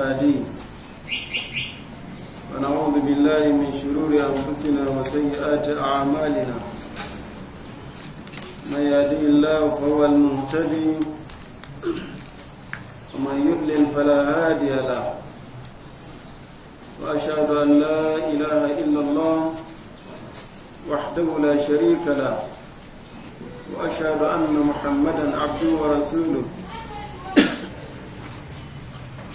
الهادي ونعوذ بالله من شرور أنفسنا وسيئات أعمالنا من يهدي الله فهو المهتدي ومن يضلل فلا هادي له وأشهد أن لا إله إلا الله وحده لا شريك له وأشهد أن محمدا عبده ورسوله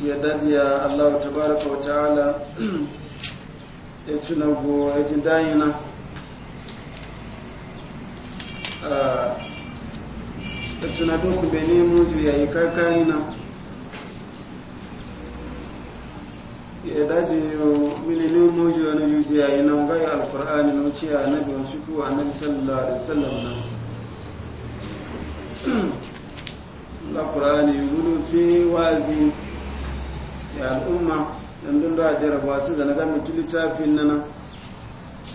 ya dajiya allahu tabaraka wa ta'ala ya tuna go ya ji dayina ah, ya tuna doku bene mutu ya yi kakayina ya daji mu mutu wani juji ya yi nan gaya alkur'ani na wuce a nabi wani shuku a nabi sallallahu alaihi wasallam na alkur'ani gudu fi wazi ya al'umma dan da da jarabawa sai zana ga mutu littafin nan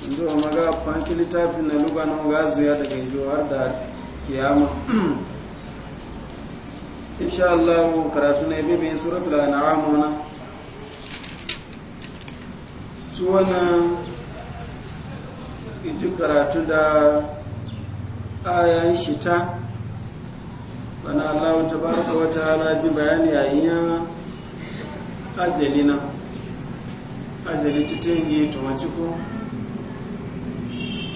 ndo maga fanki littafin na luga na ga zuya daga yi, har da kiyama insha Allah karatu na bibin suratul an'am wana su wannan idu karatu da ayan shita bana Allah tabaraka wa ta'ala ji bayani yayin ajali na titengi tomaciko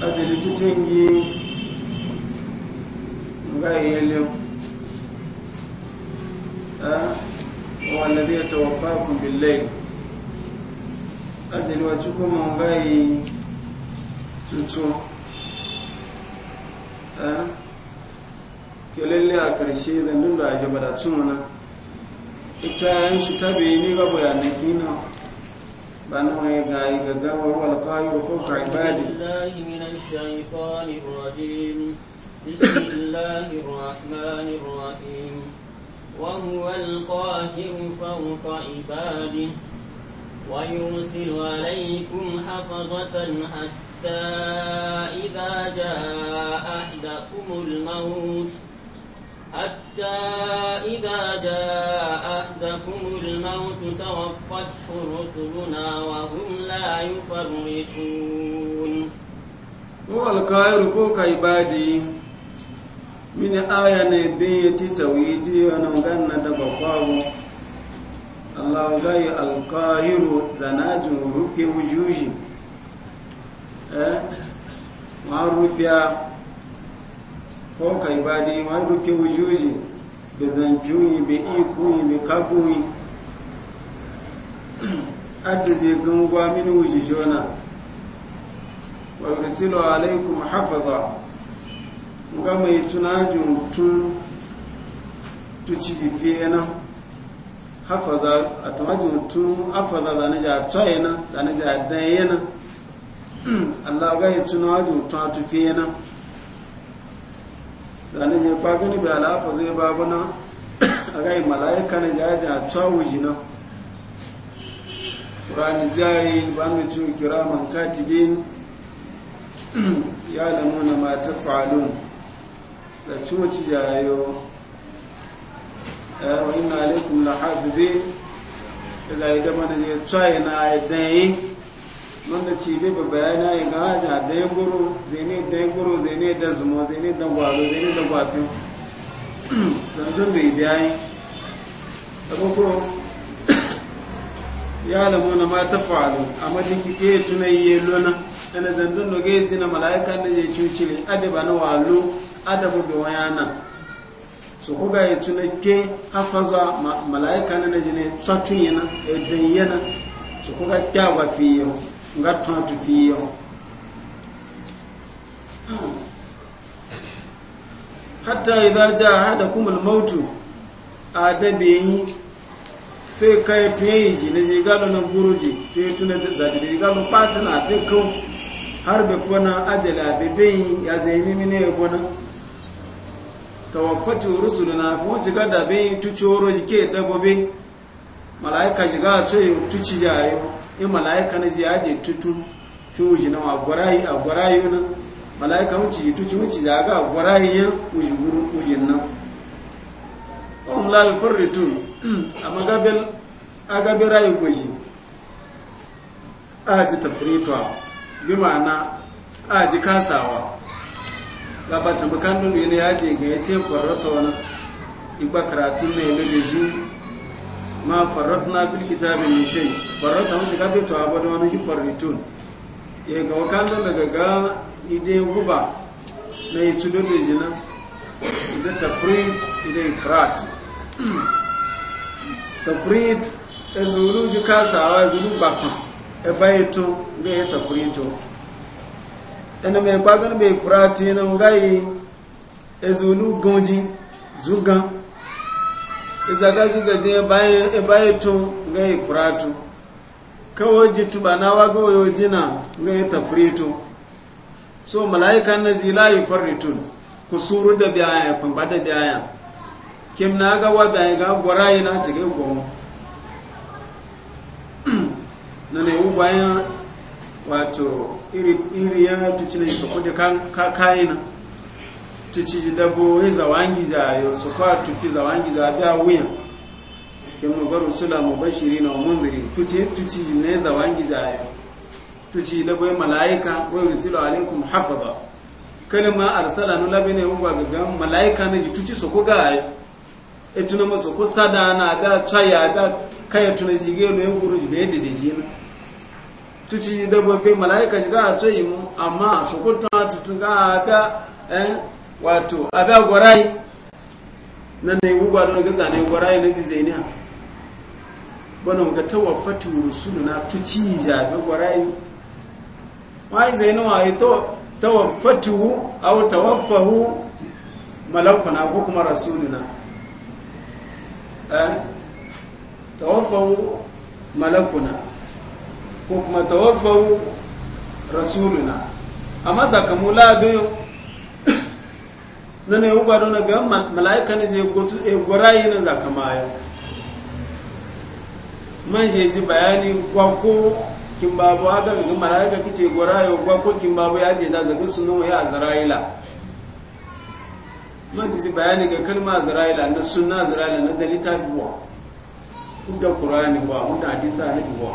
ajali titengi ngayelio eh, waladhi yatawaffakum billayl eh, kelele a karshe zandun da ita shi ta bayani ga bayanan kina ban wani gayi gaggawar walƙayi rufin ka بسم الله الرحمن الرحيم وهو القاهر فوق عباده ويرسل عليكم حفظة حتى إذا جاء أحدكم الموت حتى إذا جاء أحدكم الموت توفته رسلنا وهم لا يفرطون هو القاهر كوكا عبادي من آية نبيتي تويدي ونغنى دبقاو الله غاي القاهر زناجو ركي وجوجي eh ma rufiya fauka ibadi ma ruke wujuji be zanjuyi be ikuyi be kabuyi adda zai gangwa mini wuce shona wa silo alaikum hafaza ga mai tunajin tun tuci na. hafaza a tunajin tun hafaza da a tsaye na, da nija ja dayena Allah ga yi tunajin tun a na. zane je fa gani bai alafa zai babu na a gai mala'ika na jaji a cawo jina ƙurani jayi ba mai cin kira man katibin ya da nuna mata falun da ciwo jayo wa ina alaikum la hafi zai ya zai da mana ya cawo na ya wanda ci bai ba bayana ya ga haja da ya guru zai da ya guru zai da zumo zai da gwado zai da gwafin zanzan bai biya yi abu kuro ya lamu na mata faru a majiki ke tuna yi lona yana zanzan da ga tina mala'ika da ya cuci ne adaba na walo adabu da wayana so ko ga ya tuna ke hafaza mala'ika na jini tsatun yana dan yana so ko ga kyawa fiye nga tun tufi hatta ida ja hada kuma mautu a fe yi fai kai yi na jigalo na buruji tuye tuna zaji da jigalo pata na ko har befo na ajala bebeyin ya zai mimi ne ya gona tawaffati rusulu na fi wuce gada ke jike dabobe mala'ika jiga a ce in malaika na ji yaje tutu fi wuji na agwarayi agwarayi na malaika wuce yi tutu wuce da ga agwarayi ya wuji wuri wuji na on la yufarritu amma gabel agabe rayu gwaji aji tafritwa bi ma'ana aji kasawa gabata bukandun ne yaje ga yate farrata wani igba karatu ne ne bejin ma farratna fil kitabi min shay farrata mun ga beto abada wani yufarritun e ga wakanda daga ga ide guba na yi yitudo da jina ide tafrit ide ifrat tafrit e zuru ju kasawa zulu ya e fayeto ga ya tafrito ina mai kwagar mai ifrat ina ngai e zulu gonji zugan izaka suka je e to tu yi furatu kawo jitu bana na waga jina ga tafritu so malaika na zila yi farritun ku suru da biyaya kwamba da kim na ga wa biyaya ga gwara na cike go na ne bayan wato iri ya tuci sokode su kakayina tuci dabo ya zawangi jayo su kwa tufi zawangi za biya wuyan rusula, mu garu sula mu bashiri na munziri tuci tuci ne zawangi jayo tuci dabo ya malaika wa yusilu alaikum hafaza kalma arsala nu labine mu ba ga malaika ne ji tuci su ko ga e tuna maso ko sada na ga tsaya ga kai tuna ji ga ne guru ji be dede ji na tuci dabo pe malaika ji ga tsayi mu amma su ko tuna tutu ga ga eh wato abe a gwarai nan na yi wugwa don gaza na yi gwarai na zai ne bana muka tawafatu rusulu na tuci jami gwarai ma yi zai nawa ya tawafatu au malakwa malakuna ko kuma rasuluna eh hu malakuna ko kuma tawaffahu rasuluna amma sakamula biyu na ne yi gwado na daga mala'ika ne zai gotu e eh, gwarayi na zaka ya man shi ji bayani gwako kin babu aga ga mala'ika kice gwarayi gwako kin babu ya je da zaga sunan ya azraila man shi ji bayani ga kalma azraila na sunna azraila na dalita duwa da qur'ani ba mun da hadisa ne biwa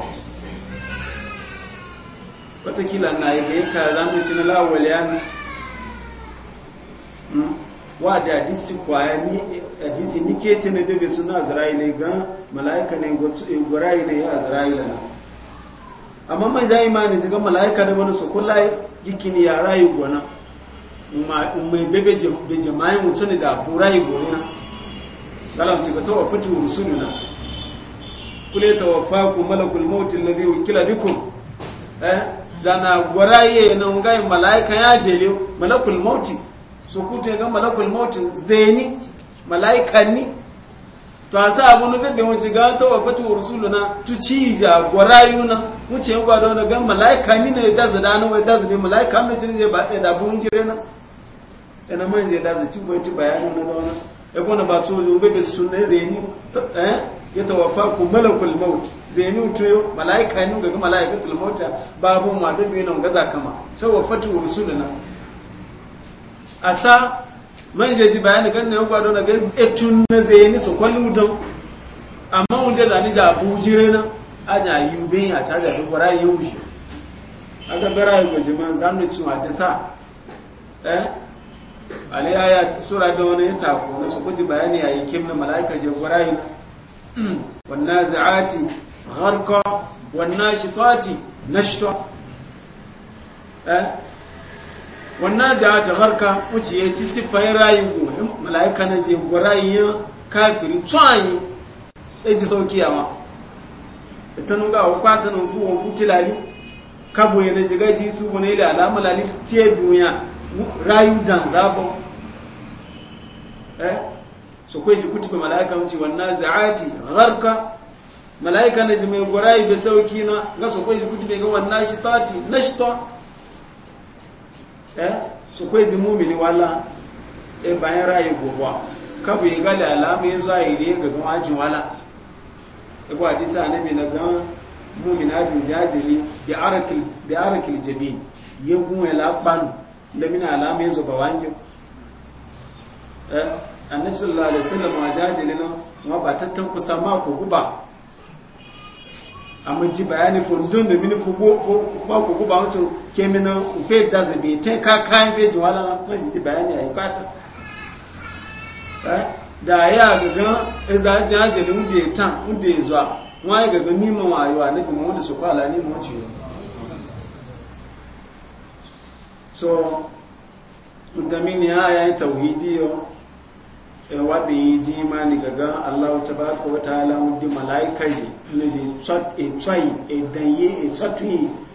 watakila na yi bayan ka zamanci na lawal yana hmm? wa da hadisi kwaya ni hadisi ni ke tene bebe suna azraila ga malaika ne gorai ne ya azraila na amma mai zai ne ga malaika da wani su kula gikini ya rayu gona mai bebe be jama'in mutune da kurai gona kalam ci ga tawafatu na kule tawaffaku malakul maut alladhi wukila bikum eh zana goraye nan ga malaika ya jeliyo malakul mautin su kuce ga malakul mautin zeni mala'ikan to a sa abu nufin da wuce ga ta wafata wa rusuluna tu ci ja yuna wuce yin gwada wani ga na ya ne da zada wai da zabe mala'ika mai cin zai ba ta da abun jire na yana man zai daza ci bai ci bayani na da wani ya kuna ba tso zai bai sun ne zai ni eh? ya tawafa ku malakul mauti zai ni wuce mala'ika ni ga mala'ikatul mauta babu ma dafi yana gaza kama sai wafata wa rusuluna asa man je ji bayani kan ne kwado e na ga etun na zeni so kwallu don amma wanda zani ja bujire na aja yube a caja da bara yushi aga bara yugo ma zan da cewa da sa eh ale aya sura da wani ta ko na so kuji bayani yayi kim na malaika je bara yu wan naziati gharqa wan nashitati nashta eh wannan zai ta harka wuce ya ci siffayin rayin goyon mala'ika na je gwarayin kafiri tsohon ya ji sauki yawa ita nunga a kwata nan fi wofu tilali kabo ya na jiga ji tubu na ila alamu lalif tiye duniya rayu dan zafon eh so kwai ji kutuba mala'ika wuce wannan za'ati harka mala'ika na ji mai gwarayi bai sauki na ga so kai shi kutuba ga wannan shi tati na shi ta eh su kai ji mumini wala e bayan rayi gobuwa kabu ya gali alamu ya zahiri ga gama ajin wala e disa hadisa mai na gan mumina ju jajili bi arakil bi arakil jabin ya gunwa la panu da mina alamu ya zuba wanjo eh annabi sallallahu alaihi wasallam wa jajili no ma ba tattan kusa ma ku guba amma ji bayani fundun da mini fugo ko ba ko guba wato kemina ufe da zabe ta ka kayan fe jiwala na kuma jiti bayani a yi fata eh? da ya gaga a ji hajjali ude tan ude zuwa wa ya gaga niman wayewa na kuma wanda su kwala niman wace so mutamini ya ya yi tauhidi yau yawa da yi ji ni gaga allahu ko ta ta'ala muddin malaika ji ne ji tsot e tsoyi e danye e tsotuyi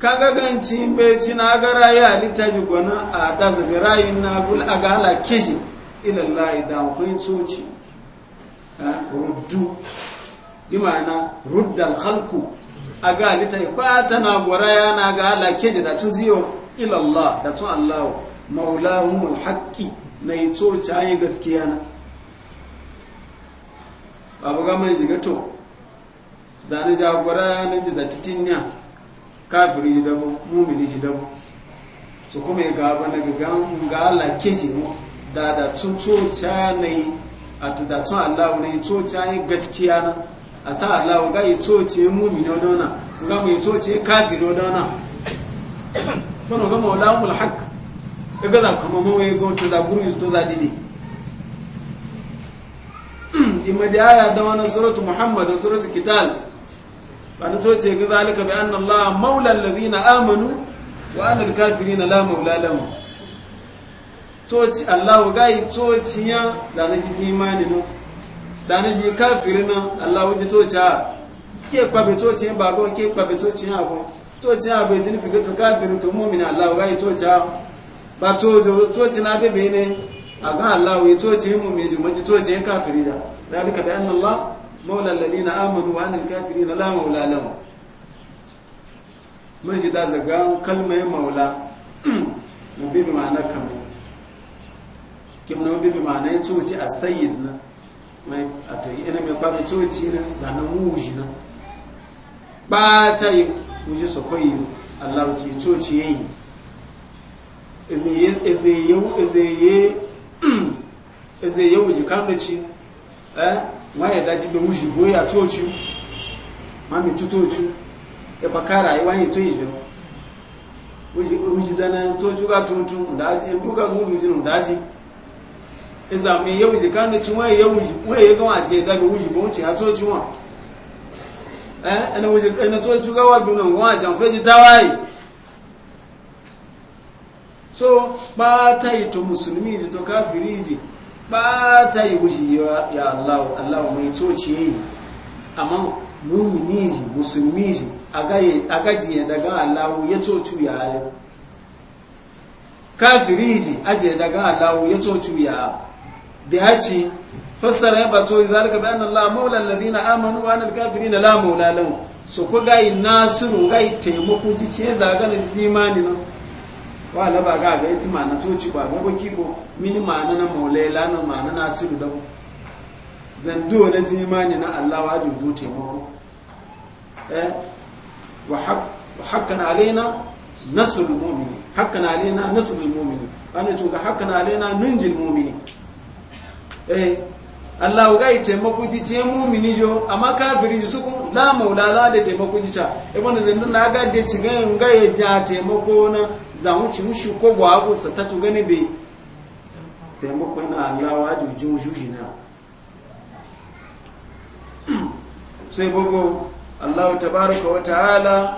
kaga ganci bai ci na ga rayu a ji gwanin a da zabi rayu na gul a ga ala shi ilallahi da kun tsoci ruddu bi ma'ana ruddal halku a ga lita ba ta na gwara ya na ga ala keji da tun ziyo ilallah da tun allahu maulahumul haƙƙi na yi coci an yi gaskiya na babu ga mai jigato to zane jagwara na ji zatitin ya kafiri shi dabo mumini shi dabo su kuma ya gaba na gan ga gala ke shi mu da da tun coca yi a tu da tun Allah ne coca yi gaskiya na a sa allahu ga yi coce mumini odona ga mu yi coce kafiri odona kono ga maula mul haq e ga da kuma mu wai go to da guru to za dide imma da wani da wannan suratu muhammad suratu kital wani to ce ga zalika bi anna allaha maula allazina amanu wa anna alkafirina la maula lahum toci allahu gai ya zane shi imani no zane shi kafirina allahu ji tociya ke kwabe tociya ba go ke kwabe tociya ya tociya be tin fi to kafiru to mu'mina allahu gai tociya ba to toci na be ne aga allahu ya to mu me ji mu ji tociya kafirija zalika bi anna allaha مولى الذين آمنوا وأن الكافرين لا مولى لهم من جدا زغان كلمة مولى مبي بمعنى كم كم مبي بمعنى توتي السيدنا mai a to yi ina mai kwabe coci na zanen wuji na ba ta yi wuji su kwayi Allah wuce coci ya yi ezeye wuji kan da ci eh wọ́n yẹ̀dá jí pé wọ́n ṣì bóyá tó ojú wọ́n mi tó ojú ẹ̀bà kára yìí tó ìjọ wọ́n ṣì dáná tó ojú ká tuntun ǹdájí ẹ̀bùkà gúdù jù ǹdájí ìsàmì yẹ́wù jì ká ní tí wọ́n yẹ wọ́n yẹ kí wọ́n bó ń ṣì á tó ojú wọn ẹni tó ojú ká wà bí wọn àjàǹfẹ́ ti táwáyì so pátá mùsùlùmí káfìrí ìjì ta yi wuce ya Allah Allah mai toci yi amma mumini ji musulmi ji a gajiye daga Allah ya tocu ya yi kafiri ji ajiye daga Allah ya tocu ya da ya ce fassara ya bato zalika bi anna la maula na amanu wa kafiri na la maula lahum so ko gai nasiru gai taimako ji ce zagana zimani imani nan wa laba ga ga iti mana coci ba ga ba ko mini mana na la na mana na asiru da zando na jimani na Allah wa juju mu eh wa hakkan alaina nasrul mu'mini hakkan alaina nasrul mu'mini ana ga hakkan alaina nunjil mu'mini eh Allah ga yi taimako ji ce mumini jo amma kafiri ji suku la maula la da taimako ji ta e wanda zan na ga da ci ga ga ya ja taimako na za mu ci mushu ko ba abu sa ta tuga ne be taimako na Allah wa ji ju ju na sai bogo Allah tabaraka wa ta'ala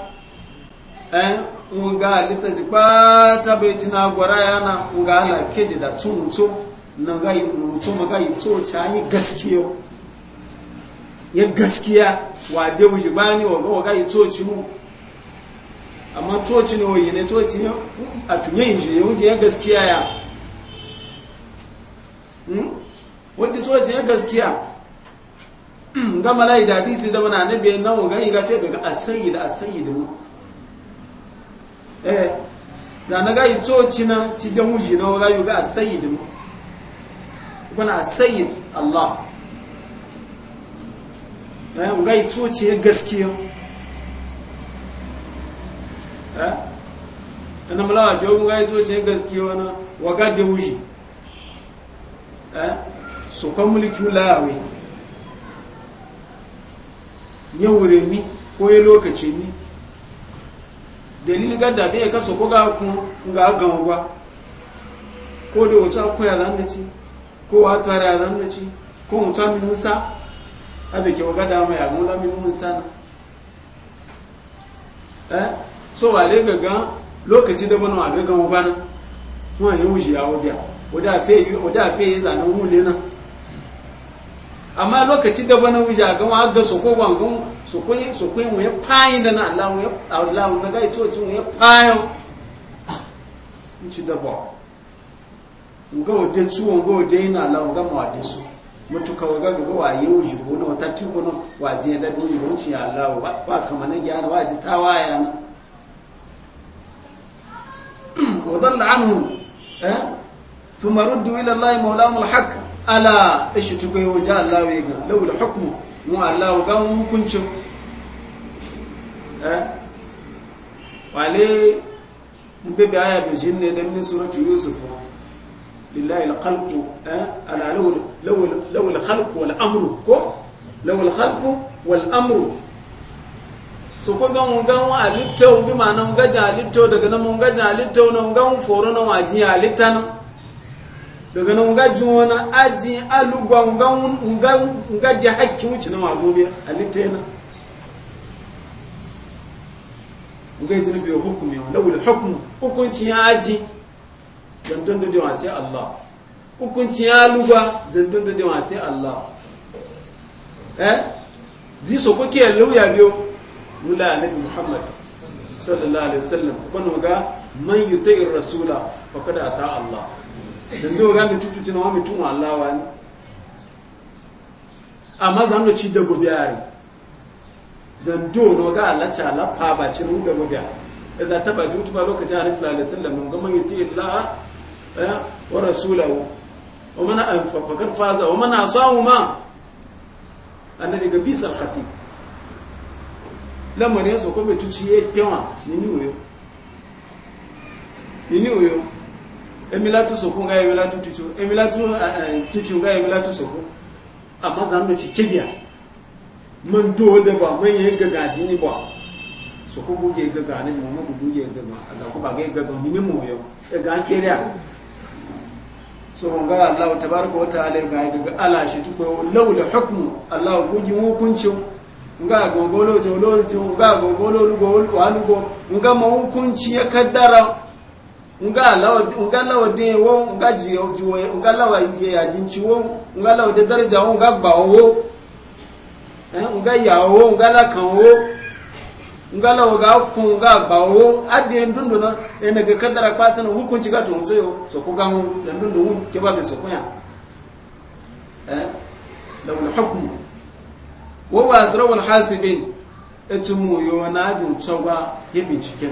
an eh, ga alita ji ta bai ci na gwara yana mun ga Allah keji da tsuntsu na gai ma ga yi to ta yi gaskiya ya hmm? gaskiya wa da wuce bani wa ga ga yi to ci mu amma to ci ne wayi ne to ci ne a tunye yin shi ya wuce ya gaskiya ya wuce to ci ya gaskiya ga malai da bisi da mana annabi na wa ga yi gafe daga asayyid asayyid mu eh zanaga yi to ci na ci da wuce na wa ga ga asayyid mu kuna sayyid Allah bayan eh, ga coci ya gaskiya eh ana mulawa ga ga coci ya gaskiya wana waga da wuji eh su kan mulki lawi ne wure mi ko ya lokaci ni dalilin gada bai kaso ko ga kun ga gangwa ko da wata koyar da ci ko wa tare a zan ci ko mutum min musa abe ke waga da mai abu la min musa na eh so wale gaga lokaci da bana wale ga mabana kuma yi wuce ya wabiya wadda fe yi wadda fe yi zanen wule nan amma lokaci da bana wuce ga ma ga so ko gwangon so ko ne so ko ne ya fayin da na Allah ya Allah na ga ito mu ya fayin in ci da ba nga wode tsuwo nga ina ala nga mwade so mutuka waga gaba wa yi wuji wa wata kuna wa je da bi wuji wuci ala wa ba kama na gyara wa ji ta waya na anhu eh thumma ruddu ila Allah maulamu al-haq ala ishtuku wuja ala wa yiga lawu la hukmu mu Allah ga hukunci eh wale mbebe aya bi demni da min suratu yusufu. lillahi alkhalqu ala lahu lahu alkhalqu wal amru ko lahu alkhalqu wal amru so ko gan gan wa alitto bi ma nan ga jalitto daga nan mun ga jalitto nan gan foro nan waji jalitta nan daga nan ga jona aji alugwa gan gan ga ji hakki wuce nan agobe alitta nan ga ji nufi hukumi lahu alhukmu hukunci ya aji zantun da dewa sai Allah hukunci ya lugwa zantun da dewa sai Allah eh zi so ko ke lauya biyo mula annabi Muhammad sallallahu alaihi wasallam kun ga man yuti'ir rasula faqad ata Allah zandun ga mi tututi na wa mi tuma Allah wa ni amma zan ci da gobe yare zando no ga Allah ta lafa ba ci da gobe za ta ba jutu ba lokacin Annabi sallallahu alaihi wasallam mun ga man yuti'ir Allah Eh? wa rasulahu wa man anfa faqad faza wa a asahu ma annabi ga bisa khatib lamari yaso ko be tuci ye tewa nini uyo nini uyo emila tu soko nga nga amma zan da ci kibiya man do da ba yi gaga dini ba soko buge gaga ne mu buge gaga ba ga gaga yo ga kiriya so ga Allah tabaraka wata ta'ala ga ga ala shi tuko laula hukmu Allah gujin hukuncin nga gongolo jololo jo nga gongolo lugo walugo nga ma hukunci ya kaddara nga lawa nga lawa de nga ji je ya jinci nga lawa da daraja wo nga gba eh nga ya wo nga la kan ngala waga kunga bawo adi ndundu na enege kadara patana hukunci ga to nzo so kuga mu ndundu wu ke ba be so kunya eh lawul hukm wa wasra wal hasibin etumu yo na adi uchoga ye bincike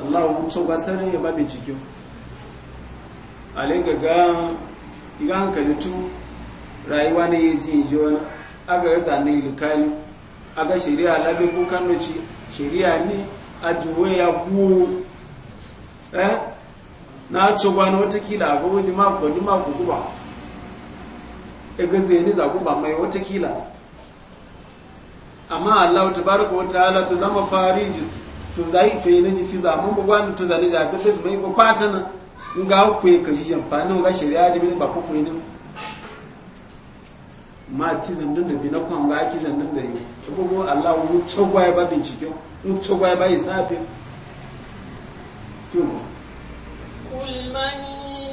Allah uchoga sare ya ba bincike alenga ga igan kalitu rayuwa ne yaji jo aga ga zanin likali aga shari'a labe ko kano ci shari'a ni a juwe ya guwo eh na tsoba na watakila a gawaji mako ni mako guba e ga zai ni za guba mai watakila amma allahu tabaraka wa ta'ala to zama fariji to zai to yi naji fi zaman bugwa ni to zane zaɓe ta su mai ko patana nga kwe ka shi jamfani nga shari'a jibin ba kufuri ne ma ci zandun da bina kwan ga aki zandun da yi ta ko Allah wu mu tsogwaye ba bincike mu tsogwaye ba isafi kul man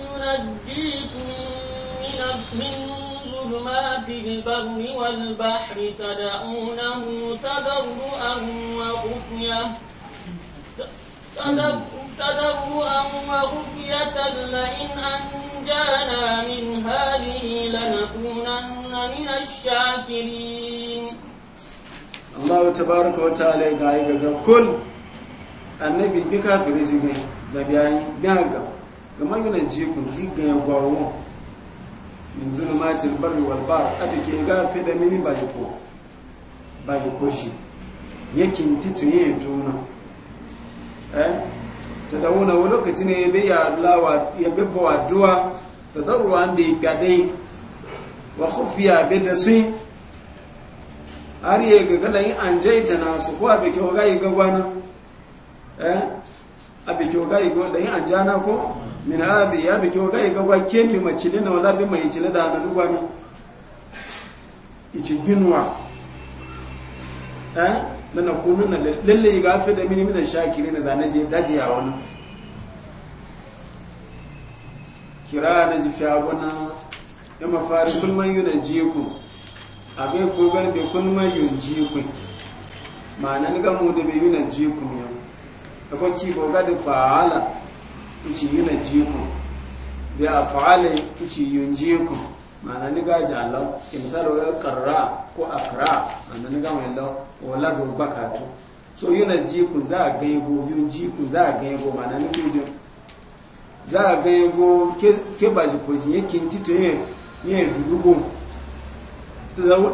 yunajjikum min min zulumati al-barri wal bahri tad'unahu an wa khufya tadabbu تضرعا وخفية لئن أنجانا من هذه لنكونن من الشاكرين الله تبارك وتعالى قال كل annabi bi kafiri su da biyayi biya ga ga ji kun si ga ya gwarwo min zulumatil barri wal bar abi ke ga fi da mini ba jiko ba shi yakin titu tuna eh ta dauna wani lokaci ne ya bai ya bebba wa duwa ta zaruwa da ya gadai wa kufiya bai da sun har yi gagala yin an jaita na su ko abin kyau ga yi gagwana eh abin kyau ga yi gagwana yin an jana ko min hadi ya bi kyau ga yi gagwa kemi macile na wala bi mai cile da hannun gwana ici binwa eh na na kunu na lalle yi fi da mini minan shakiri na zane je daji a wani kira na ji fi abuna ya mafari kulman yi na jiku a bai kogar da kulman yi na jiku ma na ni gamu da bai yi na jiku ne da kwanci boga da fa'ala ici yi na jiku da a fa'ala ici yi na jiku ma na ni gaji allah imsar wa karra ko akra ma na ni gamu yallahu wala zo bakatu so yuna jiku za a ga gaigo yun jiku za a ga gaigo na ni tujin za a gaigo ke ba ji ko jiye kin tito ye ye dudugo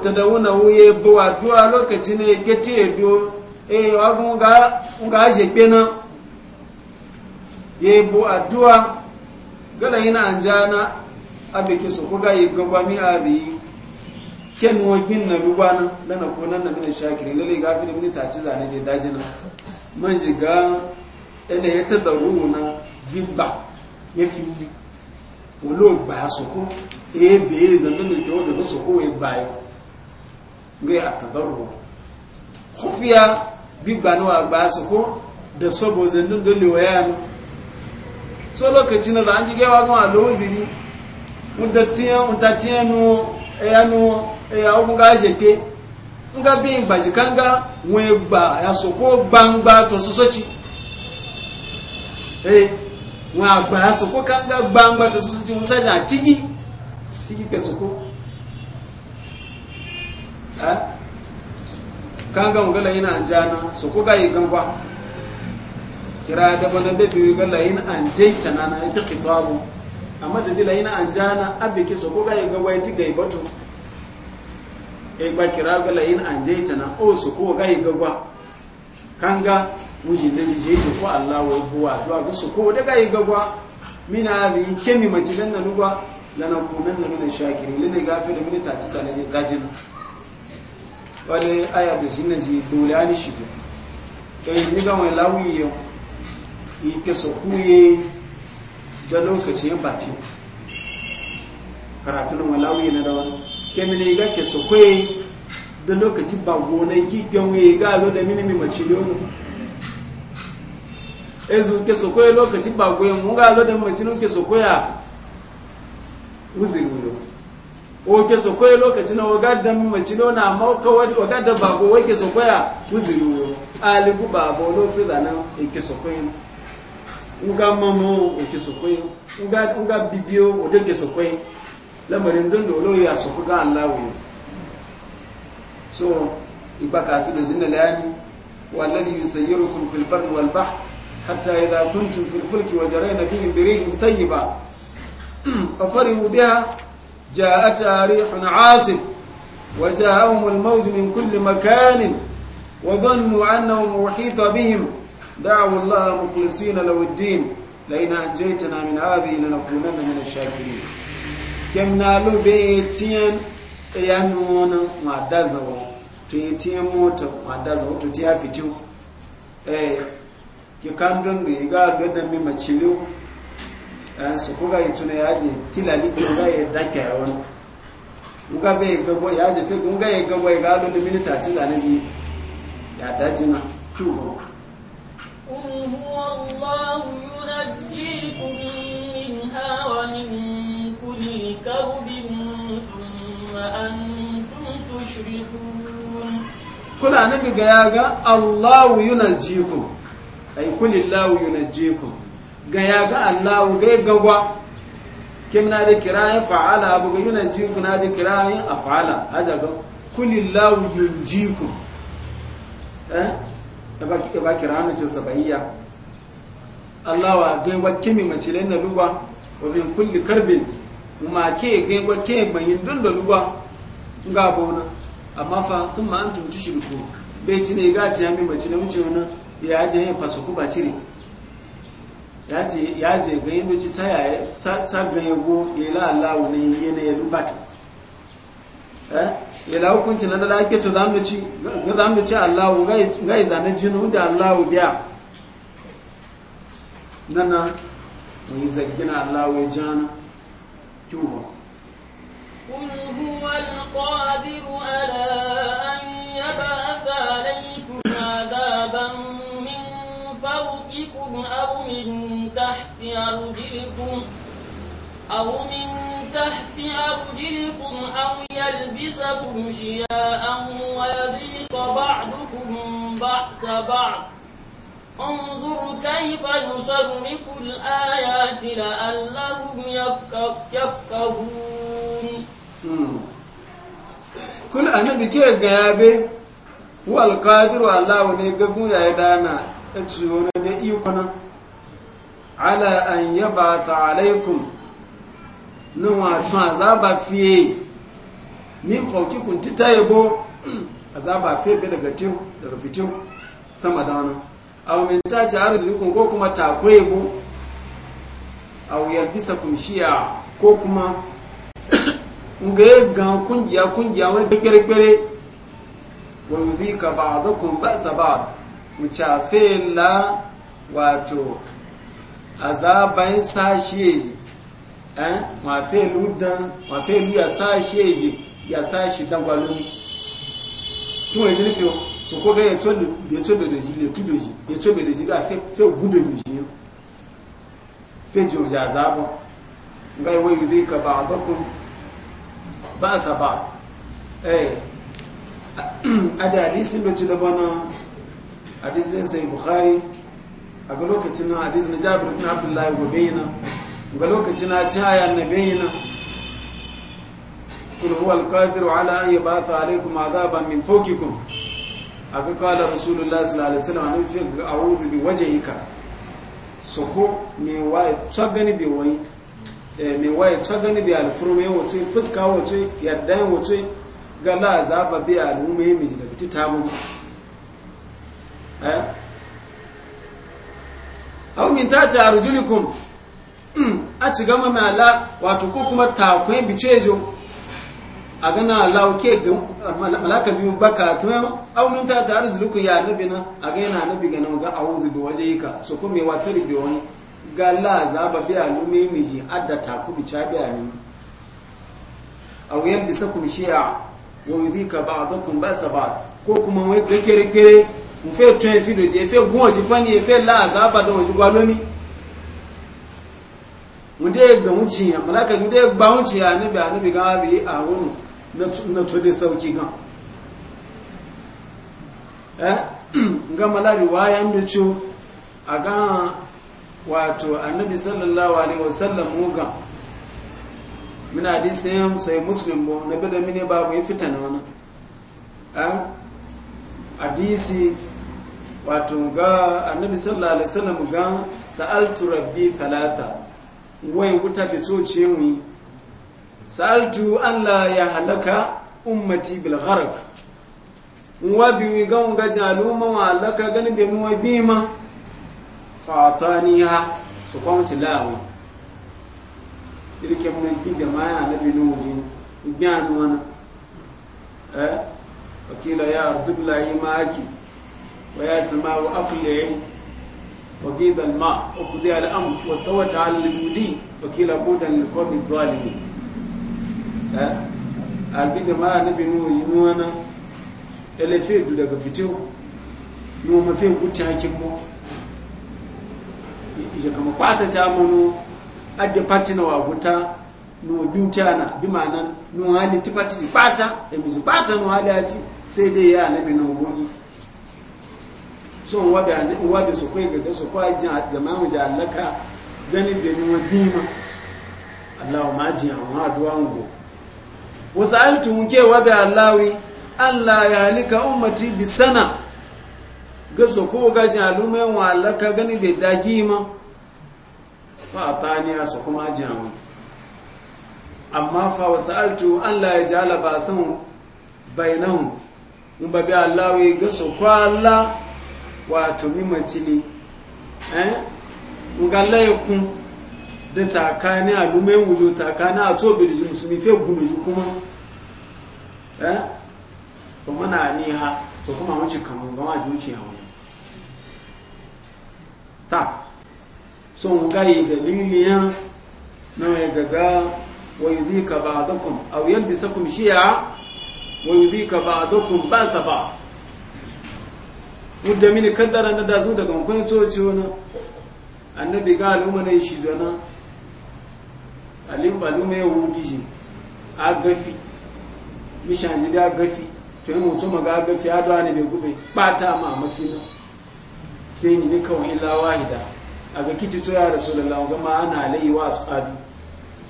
ta da wuna wuye buwa duwa lokaci ne gete do eh wa ga ga je gbena ye bu addu'a gala yana anjana abike so ko ga yi gaba mi abi ken wagin na duba nan na ko nan na mini shakiri lalle ga fi mini tace zane je daji na man ji ga ene ya ta daru na bibba ya fi ni wolo gba so ko e be zan nan ke wada so ko e ba yo ga ya ta daru khufiya bibba no agba so ko da sobo zan nan dole waya no so lokaci na zan ji ga wa ga ni mudatiyan ya ayanu e ya uku ga aje kee nga bi ba kanga nwa ya soko banga tososoci ee maakwa ya soko kaga banga tososoci nwụsa ji a tiki kpe soko ah ka n ga ngala yi na anji ana soko ga yi gangwa kira gafan dabe fi wegala yi na anje canana ya ta ƙetawa bụ a maɗaɗila yi soko ga yi gangwa ya ti g e gba kira gala yin an je ta na o su ko ga yi gagwa kanga wujin da jije ji ko Allah wa buwa duwa ga su ko daga yi gagwa mina ri kemi majidan na lugwa lana kunan na mina shakiri lene gafe da mina taci ta ne gajin wani aya da shi na ji dole ani shi ko to ni ga wani lawi yo si ke so kuye da lokacin bafi karatun walawi na da wani kemine ga ke so kwe da lokaci ba gonan ki kyanwe ga lo da minimi mace yomu ezu ke so lokaci ba goye mu ga lo da mace nun ke o ke lokaci na waga da mace lo na mawaka waga da ba goye ke so koya uzin lo aliku ba bo lo fi da nan e ke nga mamo o ke nga nga bibio o ke lamarin don dolo ya su kuga Allah wuyi so ibaka tu da zinna layani walladhi yusayyirukum fil barri wal bahr hatta idha kuntum fil fulki wa jarayna bihim bi rihin tayyiba afarihu biha ja'at arihun 'asib wa ja'ahum al mawj min kulli makan wa dhannu annahum muhita bihim da'u Allah mukhlisina lawad din لئن أنجيتنا من هذه لنكونن من الشاكرين kem na lube tiyan ya nuna ma da zawo to yi tiyan mota ma da zawo to tiya fito eh ki kan don da ga da mi macilu eh su kuga yi tuna ya je tilali ko ga ya dake wani muga bai gabo ya je fi muga ya gabo ya ga da minita ci zane ji ya daji na kyugo قل هو الله ينجيكم منها ومن kuna nan daga ya ga Allah yunaji ku ai kulli Allah yunaji ku ga ya ga Allah ga gagwa kin na da kirayin fa'ala abu ga yunaji ku na da kirayin afala haza ga kulli Allah yunji ku eh da ba ki ba kirayin ce sabaiya Allah wa ga wa kimi macilin na lugwa wa bin kulli karbin ma ke gengwa ke mayin dundalugwa nga na amma fa sun ma an tuntu shirku bai ci ne ga tiya mai mace na wuce wani ya je yin faso kuba cire ya je ganyen da ci ta yaya ta ganye go ya eh? la Allah ne na ne ya lubata ya la hukunci na da ake to zamu ci ga zamu ci Allah ga yi zane jinu da Allah biya nana mun yi zargin Allah ya jana čuva. Kul huwa al-qadiru ala an yabatha alaykum adaban min fawqikum aw min tahti arjilikum aw min tahti arjilikum aw yalbisakum shiyaan wa yadhiqa ba'dukum ba'sa ba'd ba انظر كيف نصرف الآيات لعلهم يفقهون hmm. kun annabi ke ga yabe wal qadiru allah ne gabu ya dana ta ciwo na da iko nan ala an yabata alaikum nuwa tun azaba fiye min fauki kun ti tayebo azaba fiye daga fitin sama da wannan aw ta tati ardukum ko kuma takure ku aw yalbisakum shi'a ko kuma ngaye gan kungiya kungiya wai kekere wa yudhika ba'dakum ba'sa ba'd fe la wato azaban sashiyeji eh mafe ma fe lu ya sashiyeji ya sashi dangwaloni tun wajen fiyo so ko ga ya to be to be doji le tu doji ya to be doji ga fe fe gube doji fe jo ja zabo ga yi wayu zai ka ba sa ba eh ada hadisin da ci da bana hadisin sai bukhari a ga lokacin hadisin na ja ibn abdullahi wa bayna ga lokacin na ci aya na bayna kul huwa al-qadiru ala an yabatha alaykum azaban min fawqikum aka kala rasulullah sallallahu alaihi wasallam an fi a'udhu bi wajhika so ko me waye tsagani bi wani eh, me waye tsagani bi alfurme wace fuska wace yadda wace ga la zaba bi al'umma mi daga titabu eh aw min tata arjulikum a ci gama mala wato ko kuma takwai bicejo a gana Allah ke ga malaka biyu baka tun aunin ta ta arzulukun ya nabi nan a ga yana nabi ga nan ga a'udhu bi wajhika so ko me wata ribi wani ga la za ba biya lume miji adda ta ku bi cha biya ni aw yalbisakum shi'a wa yudhika ba'dakum ba'sa ba'd ko kuma wai ga kere kere mu fe tun e fi do je e fe gun oji fani e fe la za ba do oji gwa lomi mu de ga mu ci malaka mu de gba mu ci ya nabi a nabi ga bi a wonu na to dai sauki eh? ga malari wayan da ciwo a gan wato annabi sallallahu alaihi wasallam muga muna hadisin sai muslim bo na da mini babu yi na wani an eh? adisi wato ga annabi sallallahu alaihi wasallam ga sa'altu rabbi thalatha wai wuta bitoce mu sa'altu an la ya halaka ummati bil gharq wa bi mi ga ga jaluma wa laka gani be mu bima fa ataniha su kwam mutu lawo mun ki jama'a nabi nu jin gyan wana eh wakila ya abdullah imaki wa ya sama'u aqli wa qida al ma' wa qida al amr wa stawat al judi wakila budan lil qawmi dhalimin Eh? abi da ma annabi nu yi nuwa nan elefe du daga fitiyo nuwa mafi gucci hakin mu ije kama kwata ta mono adda patina wa guta nuwa dutana bi ma'ana nuwa hali ti pati di pata e mi pata nuwa hali ati sai dai ya annabi nuhu gogi so wa da wa da su kai ga su kwa jin jama'a ji allaka ganin da nuwa bima Allahumma ajina wa du'a mu wasa'altu muke wabe allawi allah ya lika ummati bi sana ga so ko ga jalume wa allaka gani be dagima fa taniya so kuma jamu amma fa wasa'altu allah ya jala ba san bainahum mun babe allawi ga so ko allah wato mimacili eh ngalayekun da tsakani alumen wujo tsakani a tobe da musulmi fe gumi kuma ha so kuma wuce kamar gama juci a wani ta so mu gayi daliliyan na ya gaga wa yi zika ba a a yudhika bisa kuma shi ya wa yi zika ba a basa ba sa ba mudda mini kaddara na dazu daga kwanci coci wani annabi ga al'umma yi shi dana alim mai wuri shi a gafi mishan ji a gafi to mutum magaga fi adawa ne bai gube bata ma mafi nan sai ni ne kawai illa hida a ga kici to da rasulullah ga ma ana alayhi wa adu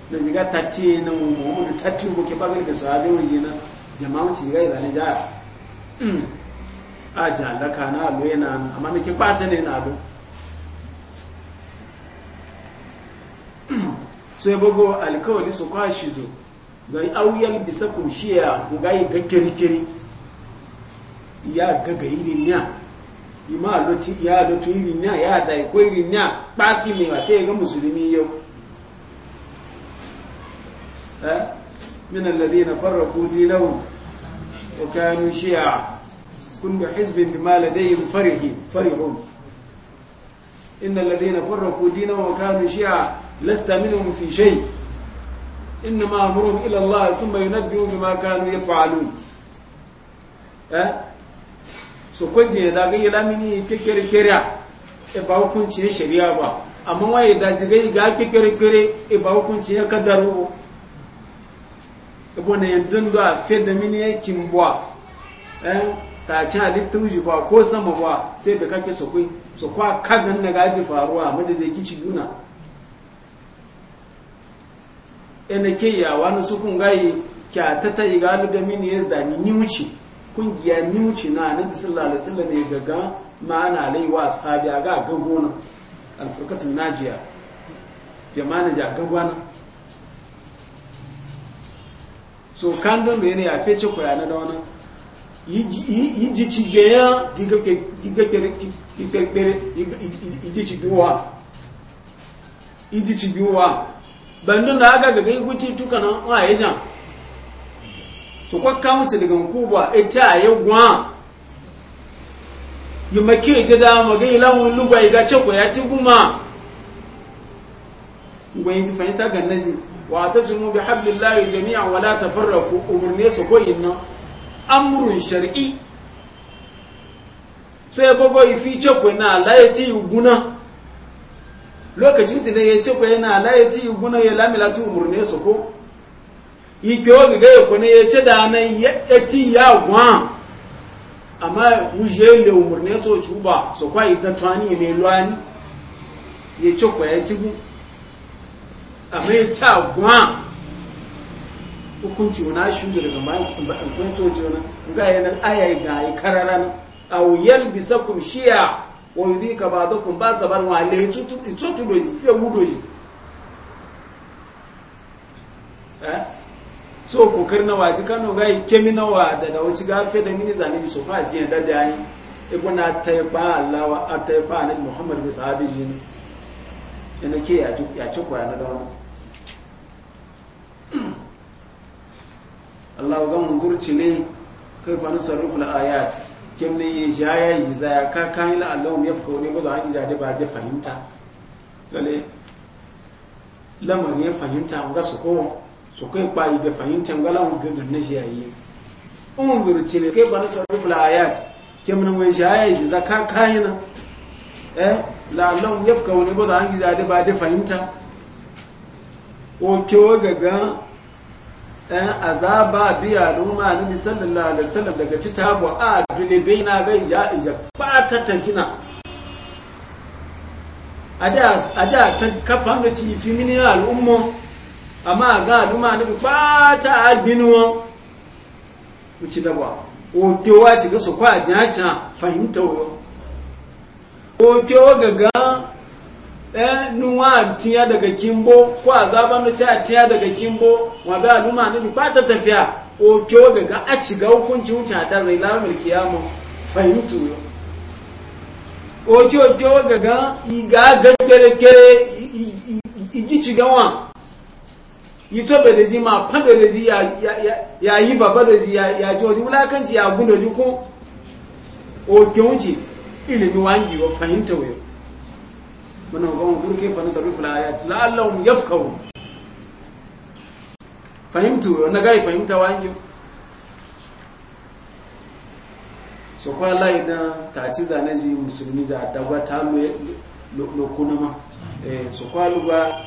da ziga tatti na muhammadu tatti ko ke bagar da sahabi wani na jama'a ci gai da ni ja hmm. a jalaka na alo yana amma ne ke bata ne na alo hmm. so ya bago alkawali su kwashi zo ga auyal bisakum shiya ga yi ga kirkiri ya gaga irin ya ima loti ya loti irin ya ya da ko irin ya pati le wa ke ga musulmi yau eh min alladhina farraqu dinahum wa kanu shi'a kullu hizbin bima ladayhim farihun farihun إن الذين فرقوا دينهم وكانوا شيعا لست منهم في شيء إنما أمرهم إلى الله ثم ينبئهم بما كانوا يفعلون أه؟ so ko da ga yela mini ke kere a e ba hukunci shari'a ba amma waye da jiga ga kekere kere kere e ba hukunci ya kadaru na e bona yandun a fe da mini ya buwa eh ta ci halittu ji ba ko sama ba sai da kake so kwai so kwa kadan na gaji faruwa amma da zai kici duna ene ke yawa na sukun gayi kya tata igalu da mini ya zani ni wuce kungiya nuci na nabi sallallahu alaihi wasallam ne gaga ma'ana lai wa sahabi ga ga alfurkatun najiya jama'a ja ga gona so kan don ne ya fece ko yana da wannan yi ji ci beya diga ke diga ke ke ke yi ci biwa yi ji ci biwa bandun da aka gaga yi guti tukana wa ya jan so kwa kamu ci daga kubwa ita ya gwa yi maki ita da magai lawon lugwa ya gace ko ya ci guma gwani ta fahimta ga nazi wa ta su mu bi hablillahi jami'a wa la tafarraqu umurne su ko inna amrun shar'i sai gogo ifi ce ko na layati guna lokacin da ya ce ko yana layati guna ya lamila tu umurne su ko ike oge ga ekwe na ya ce da na eti ya gwa ama wuje le umur ne to ci ba so kwa ita tani le lwani ya ce kwa ya tibu ama ya ta gwa hukunci wani shi da daga bayan kun to ji wani ya yana aya ga yi kararan aw yalbisakum shi'a wa yudhika ba'dakum ba'sa ban wa le tutu tutu doji ya wudoji eh so kokari na waji kano gai kemi na wa da da wuci gafe da mini zane so sofa ji da da yi ibu na ta ba Allah wa ta ba ne Muhammad bin sahabi ji ne ke ya ya ci kwa na da Allah ga mun gurci ne kai fa nusarrifu al-ayat kem ne yi jaya yi ya ka kan la Allah mu yafka ne ba za an jade ba je fahimta dole lamarin ya fahimta mu ga su kowa su kai kwayi ga fahimtar galan gudun na shayayi in zurci ne kai ba na a yadda ke mana wani shayayi shi za ka kayi na eh la'allon ya fuka wani gwada an gida da ba da fahimta o kewa gaga ɗan eh, azaba biya al'umma a misallallahu alaihi wasallam daga ci tabo a dule na ga ya ija Ba ta gina a da ta kafa da ci fi mini al'umma amma ga aluma ni ba ta agbinu mu ci daba oke wa ci ga su kwa jiya ci fahimta wọn oke wa gaga eh nuwa tiya daga kimbo ko azaban da ta tiya daga kimbo wa ga aluma ni ba ta tafiya oke wa gaga a ci ga hukunci wuce ta zai lamar kiyama fahimtu wọn oke oke wa gaga iga gagbere kere igici gawa Yi yito bereji ma pan bereji ya ya ya yi baba bereji ya ya joji ci ya gun doji ko o gewunci ilimi wangi wa fahimta wayo mana ko mun furke fa nasaru fil ayat la allahum yafqahu um. fahimtu na gai fahimta wangi so kwa lai na ta ci zane ji musulmi ja dagwa ta lo lo kunama eh so kwa lugwa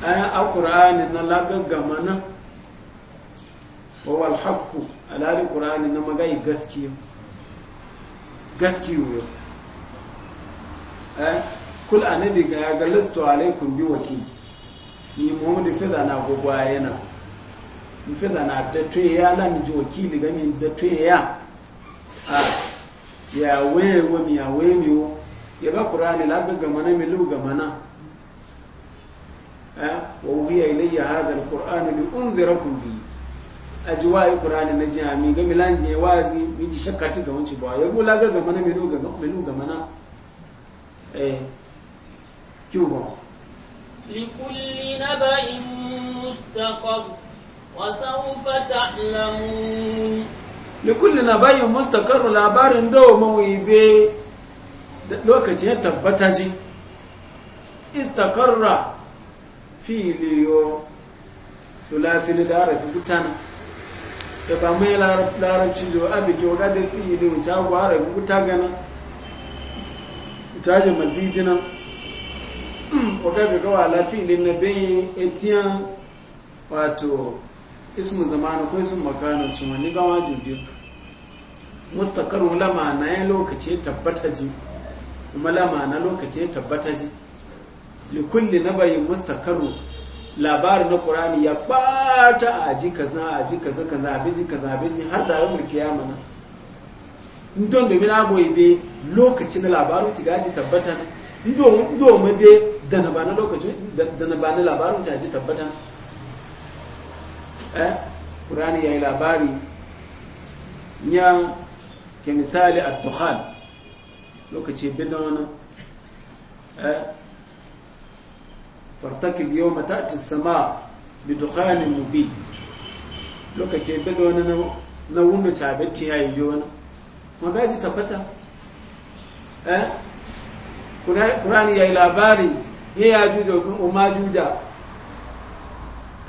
ayan alkur'ani na lagaggama na wawal haku alali kur'ani na magayi gaskiyo gaskiyo eh kul anabi ga ya galastu alaikun bi waki. ni muhammad fida na gogwa yana fida na da ya lan ji wakili gami da ah, ya a ya wewe mi ya wewe mi ya ga kur'ani lagaggama na mi lugaggama na wa uhiya ilayya hadha alquran li unzirakum bi ajwai qur'ani na jami ga milanji wazi mi ji shakkati ga wanci ba ya gula ga ga mana melu ga melu ga mana eh kyuba likulli nabain mustaqab wa sawfa ta'lamun likulli nabain mustaqarru labarin dawo mawibe lokaci ya tabbata ji istakarra fi'ili yo sulafin da harafi gutana da ba mai larabci jo abiki wa gada fi'ili wuce abu harafi guta gana ita ji mazidina fi kawo ala lafi'ili na bayi etiyan wato ismu zamanu ko ismu makano cimma ni gawa judiyo mustakarun lama na ya lokaci tabbata ji kuma lama na lokaci tabbata ji likulli nabayin mustakaru labarin na qur'ani ya bata ji kaza ji kaza kaza abiji kaza ji har da yawmul kiyama na ndon da bila boye be lokacin labarin ci gaji tabbatar ndo ndo mu de da na bana lokacin da na bana labarin ci gaji tabbata eh qur'ani yi labari ya ke misali a tuhal lokaci bidon eh fartakib biyo mata ci sama bi dukkanin mubi lokaci bai fada wani na wunda cabecci ya yi ji wani ma ba ji tabbata eh kurani ya yi labari ya yi ajuja o ma ajuja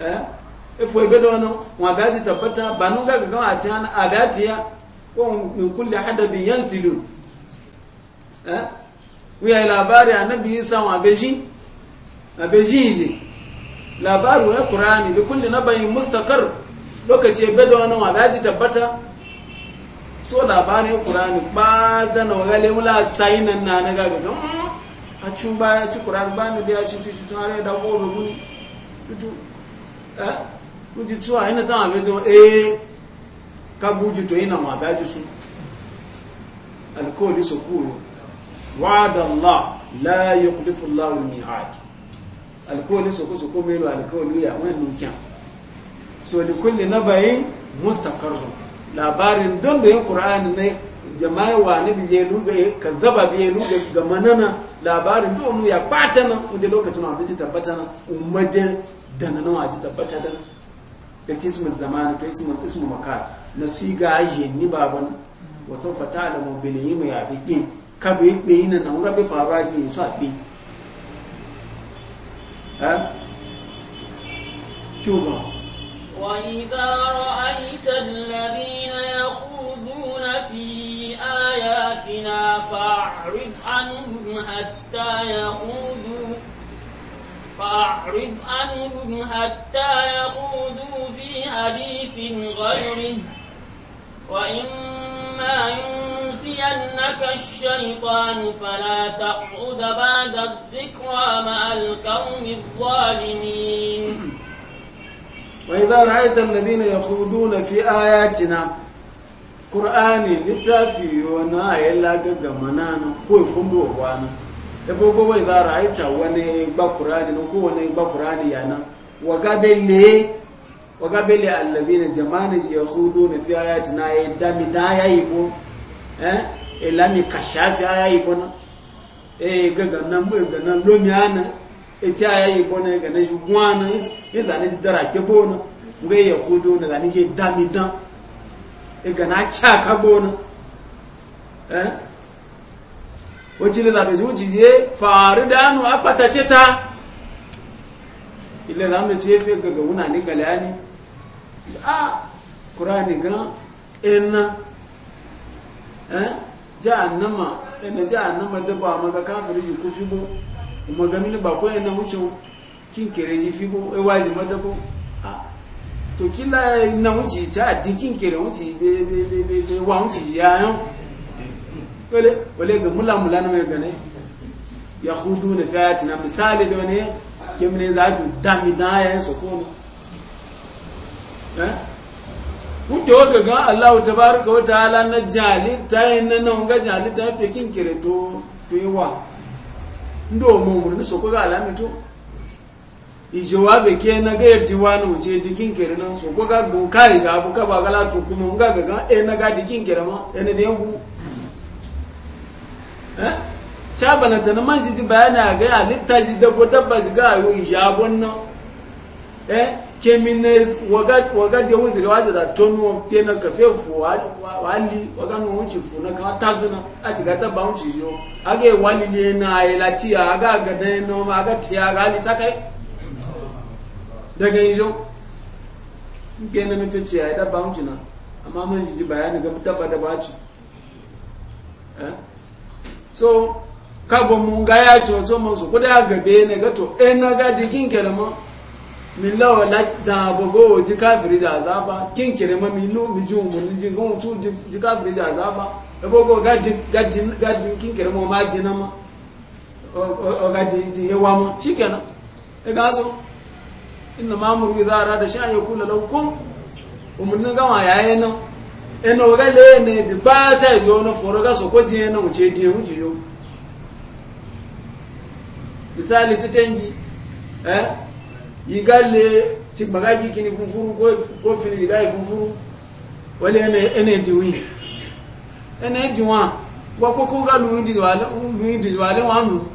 eh ifo ibe da wani ma ba ji tabbata ba nun gaga gama a cikin adatiya ko in kulle hadabi yan silu eh ya yi labari a nabi isa wa bai abe jinji labaru ya qur'ani bi kulli nabayin mustaqar lokaci bedo da wannan wadaji tabbata so labarin qur'ani ba ta na wale mula tsayinan na na ga gaba ah, a cun ba ya ci qur'ani ba ni da shi ci ci tare da gobe guni tutu eh tutu tuwa ina ta abe to eh ka buji to ina ma daji su alkoli su kuro wa'ada allah la yukhlifu allah al-mi'ad su kusa soko melo alkawalin ya wani nukiya so da kulle na bayin mustakarsu labarin don da yin ƙura'ani ne jama'i wa ne bije luga ka zaba bije luga ga manana labarin don ya bata nan inda lokacin wa bije tabbata nan umadin da na wa ji tabbata dana ya ci ismin zamani ka ismin ismin maka na ga ajiye ni baban wasan fata alamu yi mai abin ka bai bai yi nan na wunga bai faruwa ji ya su a bai ها شوفوا وإذا رأيت الذين يخوضون في آياتنا فأعرض عنهم حتى يخوضوا فأعرض عنهم حتى يخوضوا في حديث غيره وإما ينفعون ينسينك الشيطان فلا تقعد بعد الذكرى مع القوم الظالمين وإذا رأيت الذين يخوضون في آياتنا Kur'ani littafi wani ayyala gaggamana ebe gobe za a wani gba Kur'ani na kowane gba Kur'ani yana wagabele allazi na jama'a ya na na ya ya yi ko eh elami kashafi aya ibona eh gaga na mu gaga na lomi ana eti aya ibona gaga na jugwana iza ne dara kebona nge yahudu na gani je damidan e gana chaka bona eh wacce ne zaɓe zuci je faru da hannu a fatace ta ile zamu ce fi gaga wuna ni galani a ah, kurani gan ina Eh? jahannama ina jahannama da ba maga kafiri ji kufi bo kuma ga mini ba ko na wucin kin kere ji fi bo ai e waji ma da bo ah. to kila na wuci ta di kin kere wuci be be be be wa wuci ya yan wale wale ga mula mula na mai gane ya hudu na fiyati na misali da wani kemne za ku dami da ya yi sokona eh kuke waka gagan Allah ta baraka wata hala na jalita yin na nan ga jalita ya fekin kire to to yi wa ndo mo wurin so ko ga alami to ijowa be ke na ga yaddi wani wuce dikin kire nan so ko ga go kayi ga abu ka ba gala to kuma ga gagan e eh, na ga dikin kire ma e ne da yanku eh, eh? ta na manji ji bayani ga ya littaji dabbo dabba ji ga yo ijabon nan eh kemine wagadi wuzire waje da tonu pena kafe fu wali wagano wuci fu na kama na a ci gata ba wuci yo age wali ne na ayi latiya aga gada no ma aga tiya ga ali takai daga yijo ne me pece ya da ba wuci na amma mun ji bayani ga ba da ba ci eh so kabo mun ga ya to mun ko da gabe ne gato ena eh na ga jikin milawa la dabogo ji kafiri ji ba kin kire ma milu mi ju mun ni jin gon tu ji kafiri ji azaba ebogo gadi gadi gadi kin kire mo ma jina ma o gadi di yewa mo chikena e gazo inna ma amru idha arada shay'an yakula law kun umunna gama yaye e no ga le ne di ba ta yo no foro ga so ko di eno che di enu ji yo misali titengi eh yigale ti magagi kini funfuru ko fini yigaye funfuru wale ene ene diwi ene diwa wa koko ga lu ndi wale lu ndi wale wa nu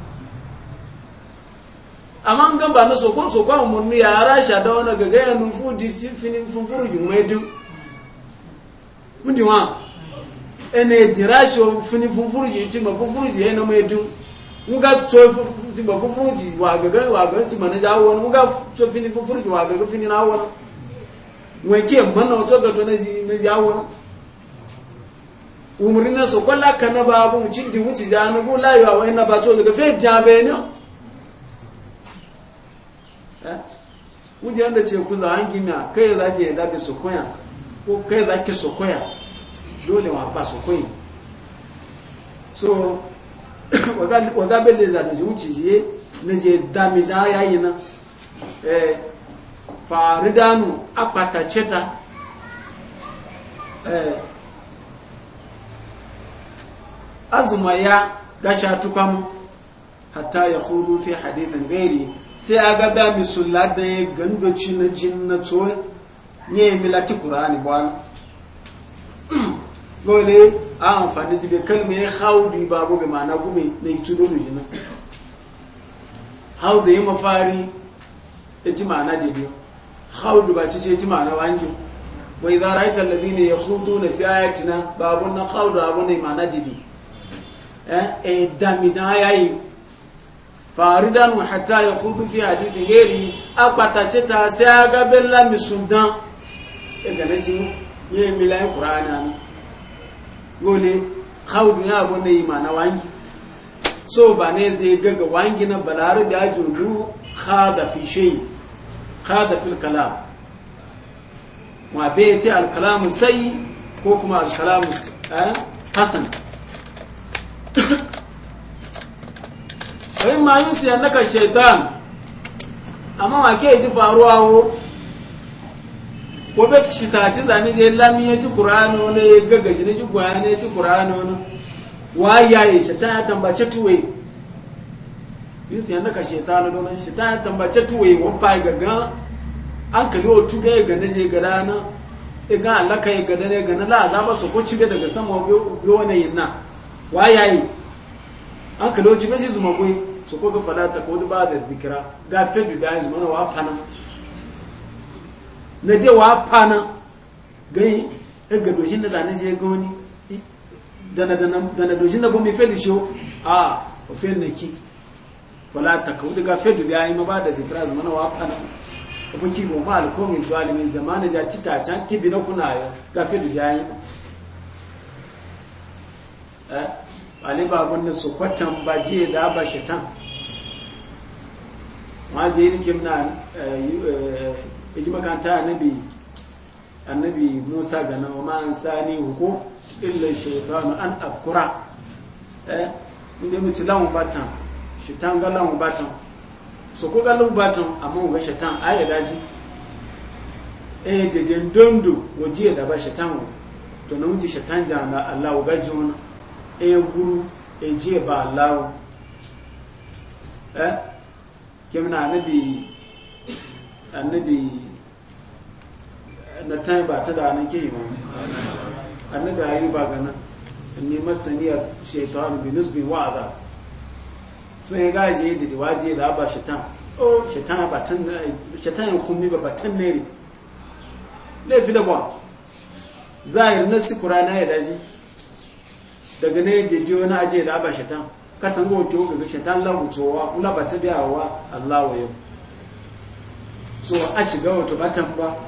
ama ngan ba no so ko so kwa mu ni ara sha da wona gaga ya nu fu di fini funfuru ju medu ndi wa ene dirasho fini funfuru ji ti ma funfuru ji ene medu nga tso zigba fufuruji wagaga wagaga ti manaja awon nga tso fini fufuruji wagaga fini na awon wake mana tso ga to na ji na ji awon umri na so kwala kana babu mu cindi mu ci jana go la yawa ina ba tso daga fe jabe ne eh uji anda ce ku za hangi na kai za je da be sokoya ko kai za ke sokoya dole wa ba sokoyi so waga beleza da zuci je na je dami da yayi na eh danu akpata ceta eh azuma ya gasha tukam hatta ya khudu fi hadithin gairi sai aga ba mi sulla ya gandoci na jinna to ne milati qur'ani bwana gole a amfani jibe kalma ya haudi babu bai ma'ana gumi na yi tudo mu jina haudu ya mafari ya ji ma'ana da biyu haudu ba ci ce ji ma'ana wangi wai za raita lalazi ne ya hudu na fi ayatina babun na haudu abu ne ma'ana jidi eh e damida ya yi faridan hatta ya hudu fi hadithin gari a kwatace ta sai a gabin lamisun dan ya e gane ji yi milayin ƙura'ani dole haudu ya abu na yi ma na wangi so ba ne zai gaga wangi na balare da ajin ru hada fi shayi hada fil kalam ma bai ta alkalamun sai ko kuma alkalamun eh, hasan wani ma yin siya naka shaitan amma ma ke ji faruwa wo ko be fita ci zani je lamiye ci qur'ano ne gagaji ne ji gwayane ci qur'ano ne wa yayi shaitan ya tambace tuwe yusu yanda ka shaitan don shaitan ya tambace tuwe wa fa gaga an kali o tuga ga ne je ga dana e ga Allah kai ga ne ga na la za ba su ko ci daga sama biyo ne yinna wa yayi an kali o ci be ji zuma goyi su ko ga fada ta ko ba da dikira ga fedu da yanzu mana wa fana na je wa fana gani in ga doshin da zane sai ga wani da na doshin da gomi feli shi a ofin na ki fala ta kawo daga fedu biya yi ba da zikira zuma na wa fana abu ki goma alkomin zalimi zamanin ya ci tacan tibi na kuna ga fedu biya yi eh, ba abinda su kwatan ba je da ba shaitan ma zai yi rikim na eh, eh, yaji makanta annabi annabi Musa ga nan ma an sani hukum illa shaytanu an afkura eh inda mu ci lamu batan shaitan ga lamu batan so ko ga lamu batan amma mu ga shaitan ayi laji eh de den dondo waje da ba shaitan to nan ji shaitan ja na Allah ga jona eh guru eh je ba Allah eh kemna annabi annabi na ta ba ta da ana ke yi ma annabi yi ba gana ni masaniyar shaitan bi nisbi wa'ada sun yi da diwaji da ba shaitan o shaitan ba tan shaitan ya kummi ba tan ne ne laifi da ba zahir na sikura na yada ji daga ne da na ajiye da ba shaitan ka san go to ga shaitan la mutowa ula ba ta biyawa Allah wa yau so a ci ga wato batan ba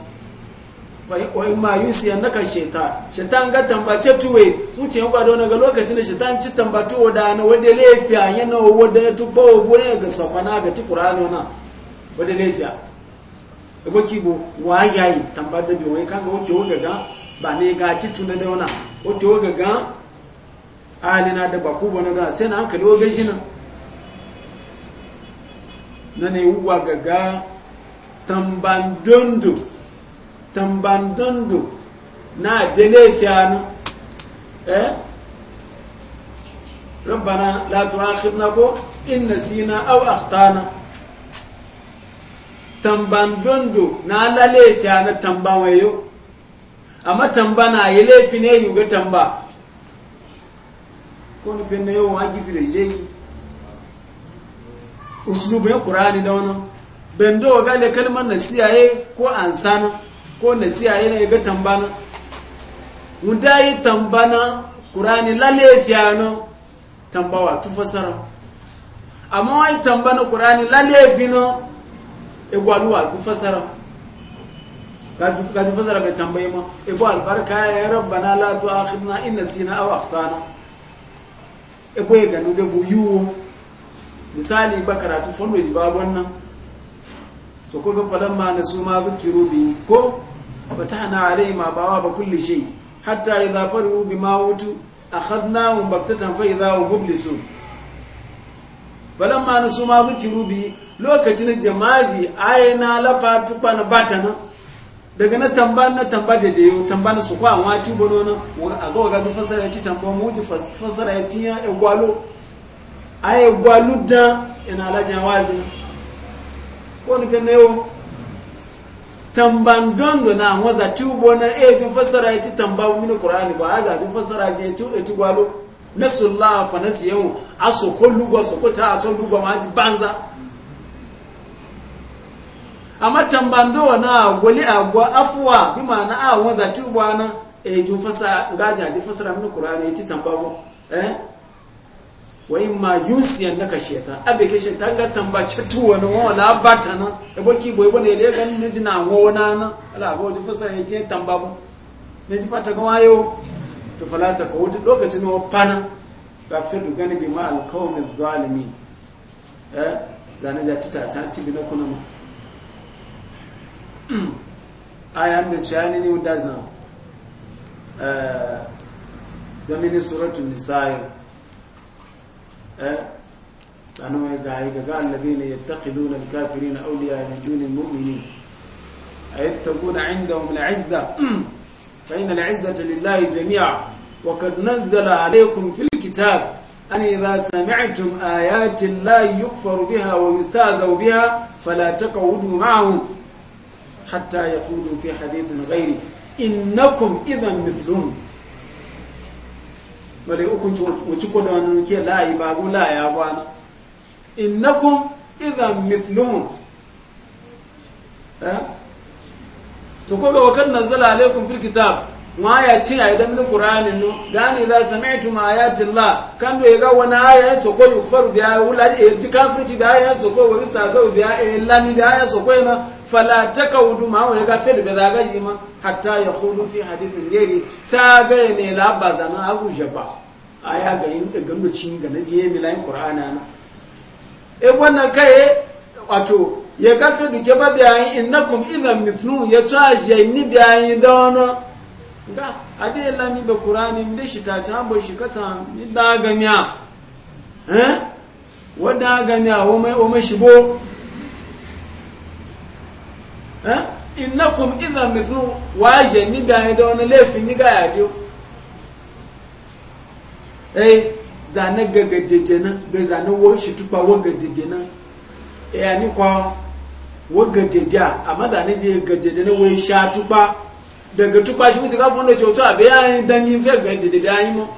wa in ma yusi annaka shaitan shaitan ga tambace tuwe mutum yan kwado daga lokacin da shaitan ci tambatu da na wadda lafiya yana wadda ya tuba wa bune ga safana ga ci kurano na wadda lafiya da baki bo wa yayi tambata bi wai kan ga wato gaga ba ne ga ti tuna da wana wato gaga alina da baku bana da sai na hankali wa gashi nan na ne uwa gaga tambandondo Tambandondo na dele fiyanu eh rabbana la tu'akhidna ko in nasina aw akhtana tamban dondo na la le fiyanu tamban wayo amma tamba na yi laifi ne yuga tamba ko nufin na yawan haƙi fi da yi usulubin ni da wani bendo ga le kalmar nasiya ye ko ansana ko nasiha yana ga tambana muda yi tambana kurani lalefiya no tambawa tufasara amma wani tambana kurani lalefi no igwaluwa tufasara ga tufasara bai tambayi ma igwa albarka ya rabbana la tu'akhidna ina nasina aw akhtana igwa ya ganu da yiwu misali ba karatu fondo ji babon nan so ko ga falamma nasu ma zukiru bi ko fatahna alaihim abawa kulli shay hatta idha faru bima utu akhadnahum baktatan fa idha hum mublisun falamma nasu ma zukiru bi lokacin jama'i ayna lafa tubana batana daga na tamba na tamba da yau tamba na su kwa wa ti bono na a ga ga to fasara ti tamba mu ti fasara ti ya egwalo ay egwalo da ina alajan wazi ko ni kenewo tamban dondo na waza tubo na e tu fasara ti tamba min qur'ani ba aga tu fasara je tu e tu gwalo nasullah fa nasiyu aso ko lugo so ko ta aso lugo ma ji banza amma tambando na goli agwa afwa bi mana a waza tubo na e tu fasara gaja ji fasara min qur'ani ti tamba eh wa imma yunsiyan naka shaitan abe ke shaitan ga tamba chatu wani wa na bata na e boki boy ne, le ga ne jina wona na ala go ji fasara yake tamba bu ne ji fata ga wayo to falata ko wuta lokacin wa pana ba fi du gani bi ma al qawmi zalimin eh zane ja tuta ta tibi na kuna ayan da chani ni udazan eh da mini suratul nisaa أه؟ أنه قال الذين يتخذون الكافرين أولياء من دون المؤمنين أيبتقون عندهم العزة فإن العزة لله جميعا وقد نزل عليكم في الكتاب أن إذا سمعتم آيات الله يكفر بها ويستهزأ بها فلا تقعدوا معهم حتى يقولوا في حديث غيره إنكم إذا مثلهم wale hukunci wuci ko da wani ke layi ba gu laya ba innakum idan mithluhum eh? so ko wa kan nazala alaikum fil kitab ma ya ci a idan min qur'ani no gani la sami'tum ayati allah kan do ga wani aya so ko yufar bi aya wala e ji kafirci bi aya so ko wani sa bi aya lani bi aya so ko na fala takawdu ma wa ga fel bai daga ji ma hatta ya hudu fi hadithin gairi saga ne la ba abu jaba aya ga yin da ganduci ga naji ya milayin qur'ana na e wannan kai wato ya gafe duke ba na innakum idan mithlu ya taje ni bayan da wani ga ade la mi ba qur'ani da shi ta ta bai shi kata ni da gamiya eh wada gamiya wa mai o mai shibo eh innakum idha mithlu ni janni da da wani laifin ni ga yajo eh zane gaga dedena be zane wo shi tupa wo gaga dedena eh ani kwa wo gaga dedea amma zane je gaga dedena wo sha tupa daga tupa shi wuce ga fondo choto abe ya dan yin fe gaga dededa yin mo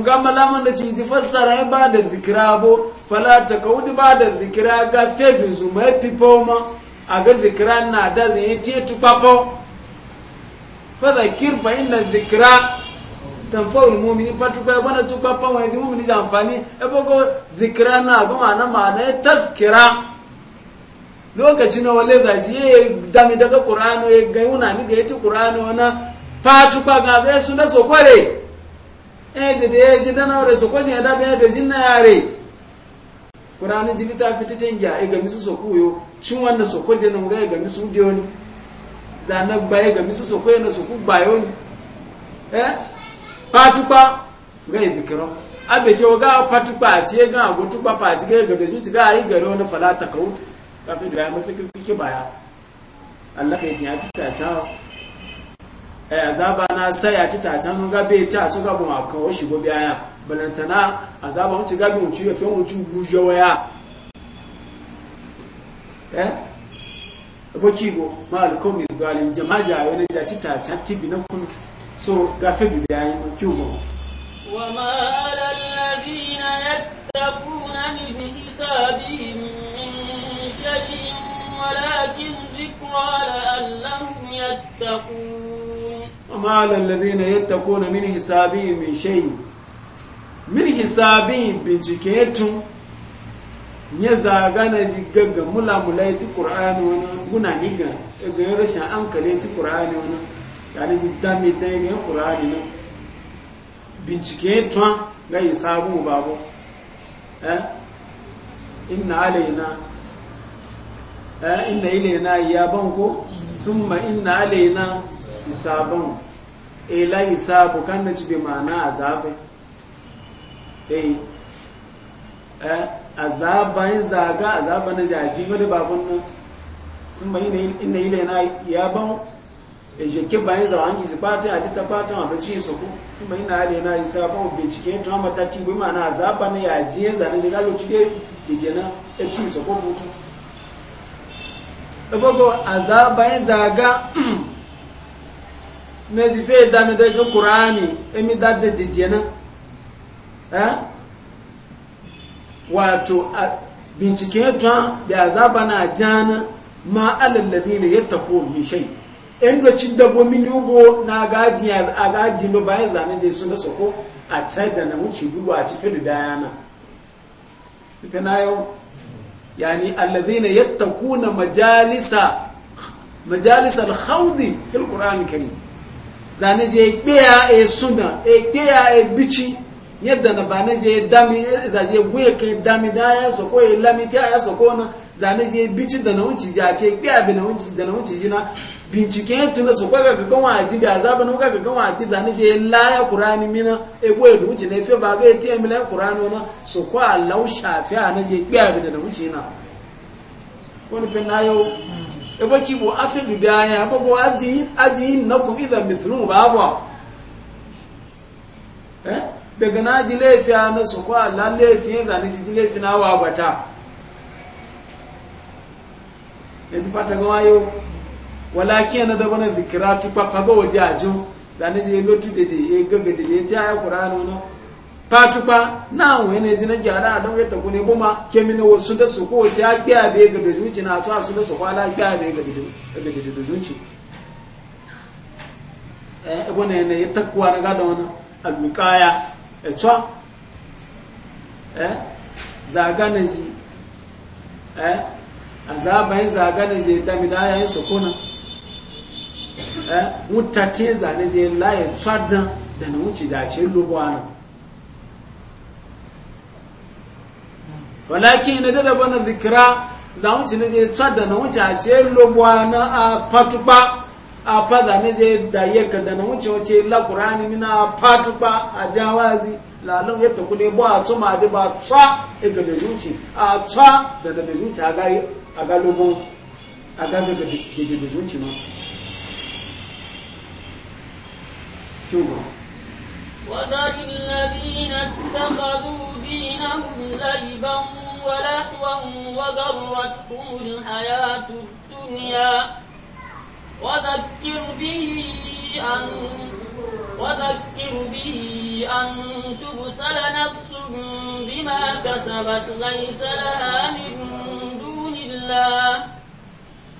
nga malaman da ci ti fassara ba da zikira bo fala ta kaudi ba da zikira ga fe zuma ma. aga zikira na da zai yi tiye tukpapo fada kirfa inda zikira tamfa ulmumini patukpa bana tukpapa wani di mumini za amfani ebogo zikira na ga ma'ana ma'ana ya tafkira lokaci na wale zaji ya dami daga ƙur'ano ya ga yuna ni ga yi ƙur'ano na patukpa ga bai su na sokware eh da da ya ji dana wale sokware ya da ya da jinna yare ƙur'ani jini ta fiti tingiya ya ga misu sokuyo shin wannan sokon da nan ga misu da wani zanen baya ga misu soko yana soko baya wani eh patupa gaya zikiran abe ke ga patupa a ciye ga agotupa pa a gaya ga bezu ga ayi gari wani falata kawo kafin da ya mafi kirkiki baya Allah ka yi tiya tuta ta eh azaba na sai a tuta can ga be ta a ga bu ma kawo shigo biya ya balantana azaba mu ci ga bi ya fi mu gujewa ya eh bo kibo ma alkomi zalim jama'a ja wani ja tita can tibi na kun so gafe bi bayan kibo wa ma ala alladhina yattaquna min hisabihim min shay'in walakin dhikra la'allahum yattaqun wa ma ala alladhina yattaquna min hisabihim min shay'in min hisabihim bincike tun nye zaga na ji gaga mula mula ya ci ƙur'ani wani guna niga ga yin rashin an kale ci ƙur'ani wani ya da ji dami dan yin ƙur'ani nan bincike ya tuwa ga yi sabon babu eh inna alaina eh inna ilaina ya banko thumma inna alaina hisaban eh la hisabu kan da ci bi ma'ana azabe eh eh azaban zaga azaban na jaji wani babun nan sun na ina yi na ya ban da jeke bayan zawa an gizi fata a dita fata a bacci su ku sun bayi na yare na isa ban bincike tuwa matatti bai ma na azaban na yaji ya zane zaga lokaci da dike na ya ci su ku da ɗabago azaban zaga na zife da na daga kurani emi da da didiyana na eh? wato binciken ta da zaba na jana ma alalladi ne ya tafi min shai in da ci dabo min yugo na gaji a gaji no bayan zane zai suna da sako a can da na wuce dubu a ci fili dayana ita na yau ni alalladi ne ya taku na majalisa majalisar haudi fil ƙura'an kari zane je ya e suna e ya ya e bici yadda dana ba na je dami za je guye kai dami da ya so ko e ya lami ta ya so ko na za na je bici da na wuce ja ce biya bi na wuce da na wuce jina bincike tun da so ko ga kan waji da azaba na ga kan waji za na je la ya qur'ani mina e guye da wuce ne fe ba ga ti mi la qur'ani na so ko Allah shafi a na je biya bi da na wuce na wani na yau e ba ki bo afi bi da ya ba go aji aji nakum idan mithlum ba ba eh daga na ji laifi a na su kwa lan laifin yin zane ji laifi na wa gwata ya ji fata gawa yau walaki yana da bane zikira tukpa kaba waje a jin zane ji ya lotu da da ya gaga da ya ji a ya kura nuna fatukpa na awon yana ji na gyara a don ya tagu goma kemi na wasu da su kowace ya gbe a bai ga zuci na a su da su kwa la gbe a bai eh, ga da zuci ebe na yana ya takuwa na gada wani alwikaya etswa eh zagane ji eh azaba yin zagane sokona eh mutate zane je la etswa dan da na wuce da ce lobo ana walakin na dada bana zikira za wuce na je etswa da na wuce a ce lobo ana a patupa a fada ne zai da ya kada na wuce wace la qur'ani mina fatuba a jawazi la lan yatta kule ba a tsuma da ba tsa e ga da zuci a tsa da da da zuci a ga a ga lobo ga da da da zuci ma tuba وذر الذين اتخذوا دينهم لعبا ولهوا وغرتهم الحياة الدنيا وذكر به أن وذكر به أن تبسل نفس بما كسبت ليس لها من دون الله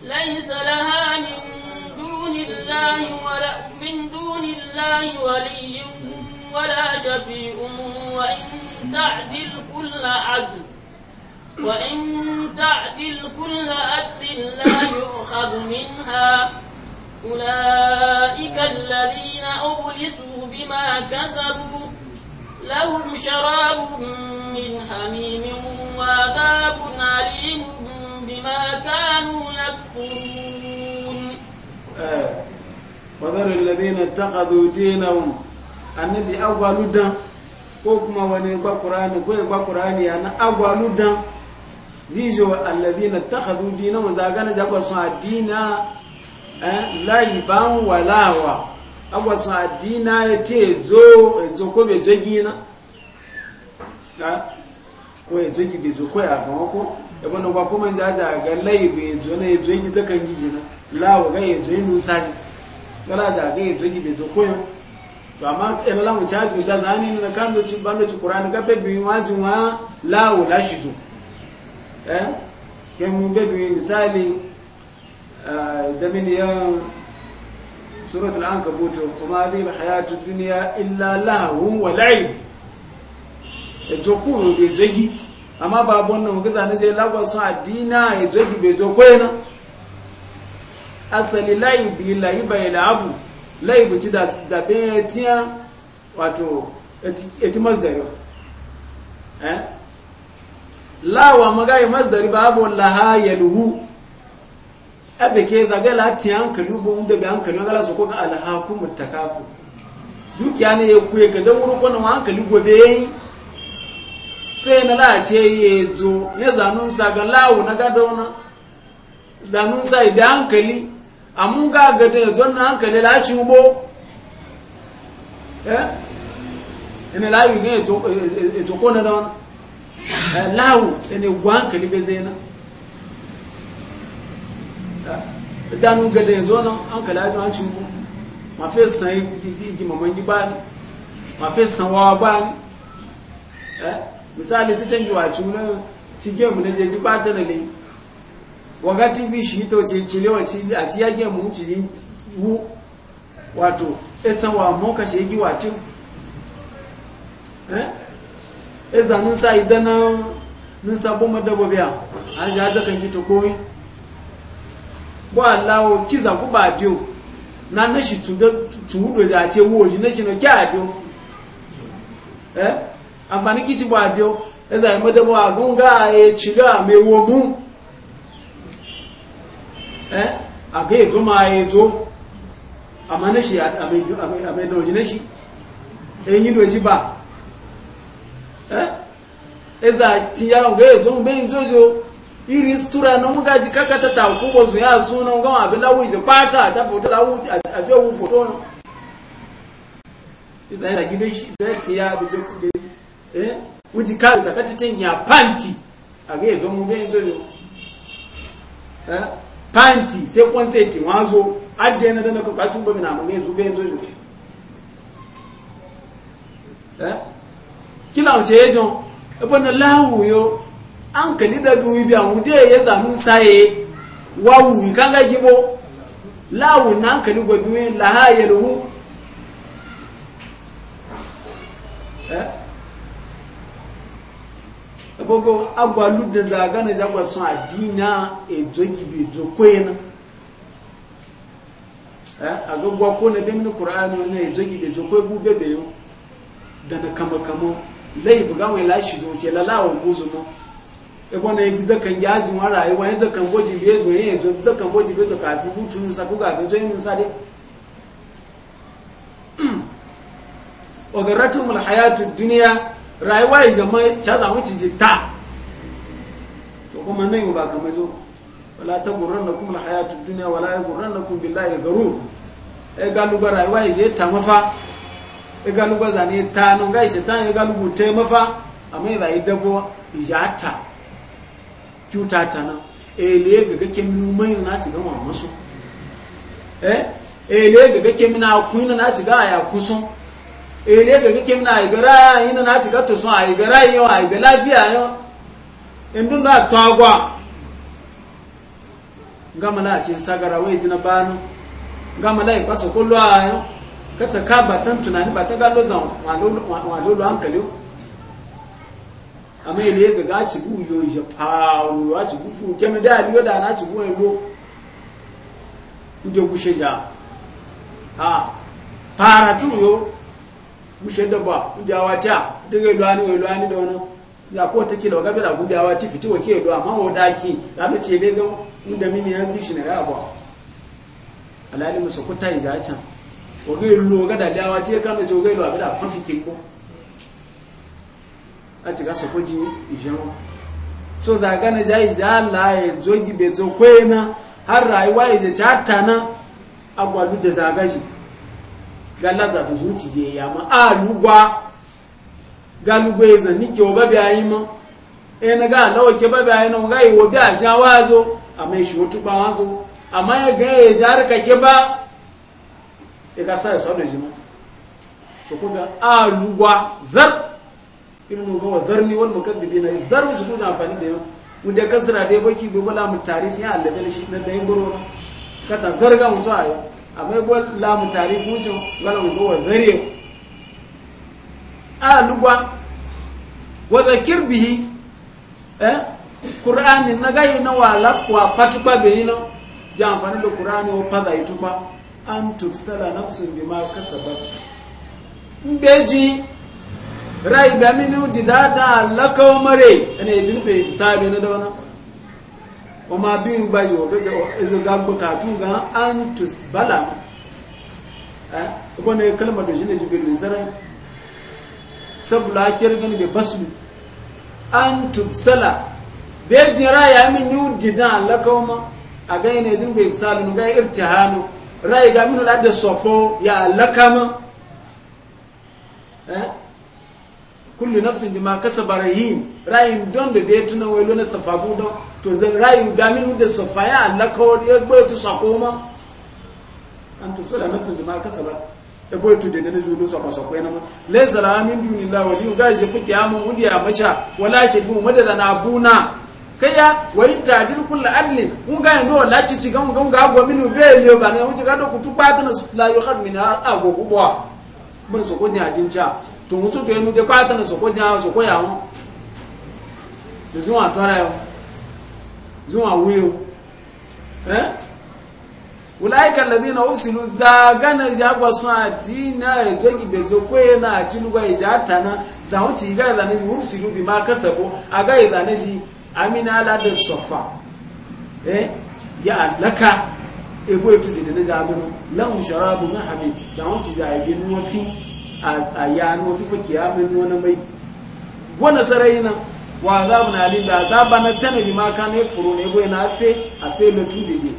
ليس لها من دون الله ولا من دون الله ولي ولا شفيع وإن تعدل كل عدل وإن تعدل كل عدل لا يؤخذ منها أولئك الذين أبلسوا بما كسبوا لهم شراب من حميم وعذاب عليم بما كانوا يكفرون آه. وذر الذين اتخذوا دينهم النبي أول دم كوكما ونبا قرآن كوكما قرآن ko أول Qur'ani ya الذين اتخذوا دينهم zijo allazina takhadhu dinahum Eh, laiban walawa agwa adina ya ezo ezo ko bai gina ko ezo ki bai ko ya kama ko yabo e na kwa kuma jaja ga lai bai na ezo ki zakan giji na lawa ga ezo yi nusa ne gara da ga ezo ki bai ko yau to amma ɗan e lamu ci hajji da zani na kan wa lawo eh misali da min yan suratul ankabut kuma zai hayatu duniya illa lahun wa ya e jokuru bai jogi amma babon wannan gaza na zai lagwa sun adina e jogi be jokoye na asali laibi laiba ya labu laibu ci da be tiyan wato eti masdari eh lawa magaye masdari babu laha yalhu abe ke zaga lati hankali bo mun da bi hankali ngala so ko ga alhaqum takafu dukiya ne ya kuye ga dan wuri kono hankali gobe sai na la ce ye zo ya zanun sa ga lawo na ga dona zanun sa da hankali amun ga ga da zo na hankali la ci bo eh ina lawo ne to to kono dona eh, lawo ene gwa hankali be zena danu gada yanzu wannan an kala ji an ci mu ma fe san igi mamman gi ba ni ma fe san wawa ba ni eh misali ta tangi wa ci na cikin mu na je ji ba ta ne waga tv shi to ce ci lewa ci a ci ya mu ci wu wato etan wa mo ka shi e gi wa ci eh ezanin sa idan nan sabon madababiya an ji hajjakan gito koyi o kiza kuba o. na nashi tuudo za ce woji na shi no kya o? eh amfani kici bwa o? eza yi madabo agunga gunga e chila me wo mu eh aga e zuma e zo amma nashi ame ame doji nashi e yi doji ba eh eza tiya ga e zo be nzozo iri sutura na muga ji kaka ta taku ba su ya suna gama abin lawu ji bata ta foto lawu a fiye wu foto no isa yana gibe shi beti ya bije kude eh wuji kare takati tin panti a ga yajo mu bai jori eh panti sai konseti wazo adde na dana ka kwatu ba mina mu ne zu bai jori eh kila uche yajo ebona lawu yo an kani daga wibi an wude ya zanu saye wawu kan ga gibo lawu na kani gobi min laha yalhu eh abogo agwa ludda zaga na jagwa sun adina e jogi bi jokoyena eh agogwa ko na bi min qur'ani na e jogi bi jokoy bu bebe yo dana kama kama lai buga wai lashi don ce lalawa guzumo ebona yi zakan ya juma rayuwa yi zakan goji biye zo yi zo zakan goji biye zo kafi hutu sa ko gafe zo yi sa dai ogaratu mul duniya rayuwa yi zama cha za mu ta to kuma nan ba kamar zo wala tagurrannakum al hayatu dunya wala yagurrannakum billahi al garur e galuga rayuwa yi ta mafa e galuga zane ta nan ga shi ta e galugu te mafa amma ba yi dabo ijata cuta ta nan ele eh, ga gake minu na ci gama masu eh, eh na ci ya eh, ai na ci sun lafiya agwa sagara wai banu kullu kata ka batan tunani zan hankali ama ele ga ga chibu yo je paru a chibu fu kemi da liyo da na chibu elo njo gushe ja ha para tu yo gushe da ba njo awata daga elo ani elo ani da wono ya ko take da gabe da gudu awati fiti wake elo amma wo da ki da me ce le ga inda mini yan dictionary abo alali musu kutai ja can wo ga elo ga da dawa e ce kan e da jo ga elo abida kun fike ko a ci ga sokoji ijewa so da gane ja ija Allah ya e zo be zo na har rayuwa ya e ce ta na agwalu da zagaji ga laza da zuci je ya ma alugwa ga lugwa ya zani ke wa babi ayi ma e na ga lawa ke babi ayi na ga yi wa bi a ja wazo a mai e shi wata ba wazo amma ya ga ya ja harka ke ba e ka sa ya sa da jima so ko ga alugwa zar ibnu gawa zarni wal mukaddibina zar su kuma amfani da yau mun da kasra da baki bi bala mu tarif ya Allah dal shi na dai buru ka ta zarga mu ta amma bi bala mu tarif mu jo bala mu gawa zari a ah, lugwa wa zakir bihi eh qur'ani na gayi na wala wa patupa be no ja amfani da qur'ani o pada itupa an tubsala nafsun bima kasabat mbeji rai ga minu didada lakaw mare ene ibi fe sabi na dauna o ma bi ba yo be ga izo ga bukatu ga an tusbala eh ko ne kalmar da shine jibril sarai sabu sabula kiyar gani be basu an tubsala be jira ya min yu dida lakaw ma a ga ne jin be salu ga irtihanu rai ga minu la da sofo ya lakama kullu nafsin bima kasaba rahim rayin don da bai tuna wai lona safabu don to zan rayu min da safaya Allah ko ya boye tu sakoma an to sala nafsin bima kasaba ya boye tu da ne zuwa so sako ko yana la la min dunillahi wali ga je fi kiyamu mudi a macha wala shafi madada na abuna ya wai itadil kullu adlin mun ga ndo la ci ci gamu gamu ga go min be le ba ne mun ci ga do kutu patana la yukhad min agogo bo mun so ko ni adincha tòun tó tó ẹnu dé pátá ní sòkó jẹun sòkó yà wọn zùn àtọ́rẹ o zùn àwí o ẹ́ wùláìkà lẹ́dínà ó sì lù zàgánà ìjà gbọ́sùn àdínà ẹ̀jọ́ ìgbèjò kó yẹ náà àjínúgbà ìjà àtànà zàwọn tí ìgá ìlànà ìwò sì lù bí máa kẹsẹ̀bọ́ àgá ìlànà yìí amínà aládé sọ̀fà ẹ́ yà àlákà ebó ètò dèdè ní zàbínú lẹ́hùn ṣọ́rọ́ abúlé hàmì zàwọn tí ìjà ìgbè ní wọ́n fi a yano ya kiyamin nuna mai wani sarai nan wa za mu na lila za ba na tana bi ma kana ya furo ne goyi na afe afe na tudu ne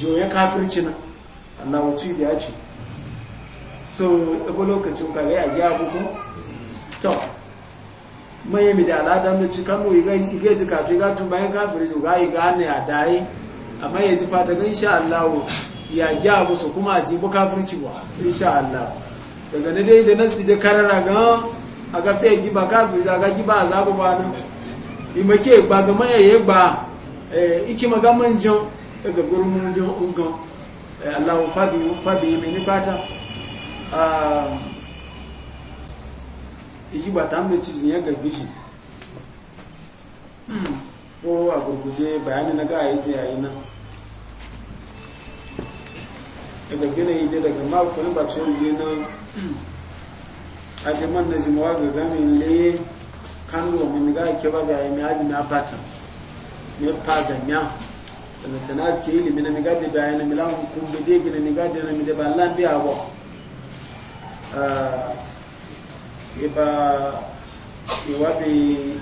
jo ya kafirci na Allah wuci da ya ce so ɗago lokacin kare a gya buku to mai mi da al'adam da cikin mu iga ji kafin ga tun bayan kafirci ga iga ne a dayi amma ya ji fata ga insha Allah ya gya musu kuma a ji bu kafirci ba insha Allah daga na dai da nasi da karara ga a ga fiye giba kafin da ga giba a zaɓu ba nan imake ba ga mayaye ba eh, iki maga manjan daga gurin manjan ugan eh, allahu fabi fabi mai nufata a ah, iki ba ta hamda cikin ya gabi shi hmm, ko a gurguje bayani na gaya ce yayi nan daga gina yi daga makon ba ce yanzu nan ake man na jimawa ga gamin le kan wa mun ga ke ba ga mi aji na fata mi fa ga nya da tana ke ili mi na mi ga de ba na mi lan kun be de gina mi ga de na mi de ba lan bi awo ah, eh ba iwa e bi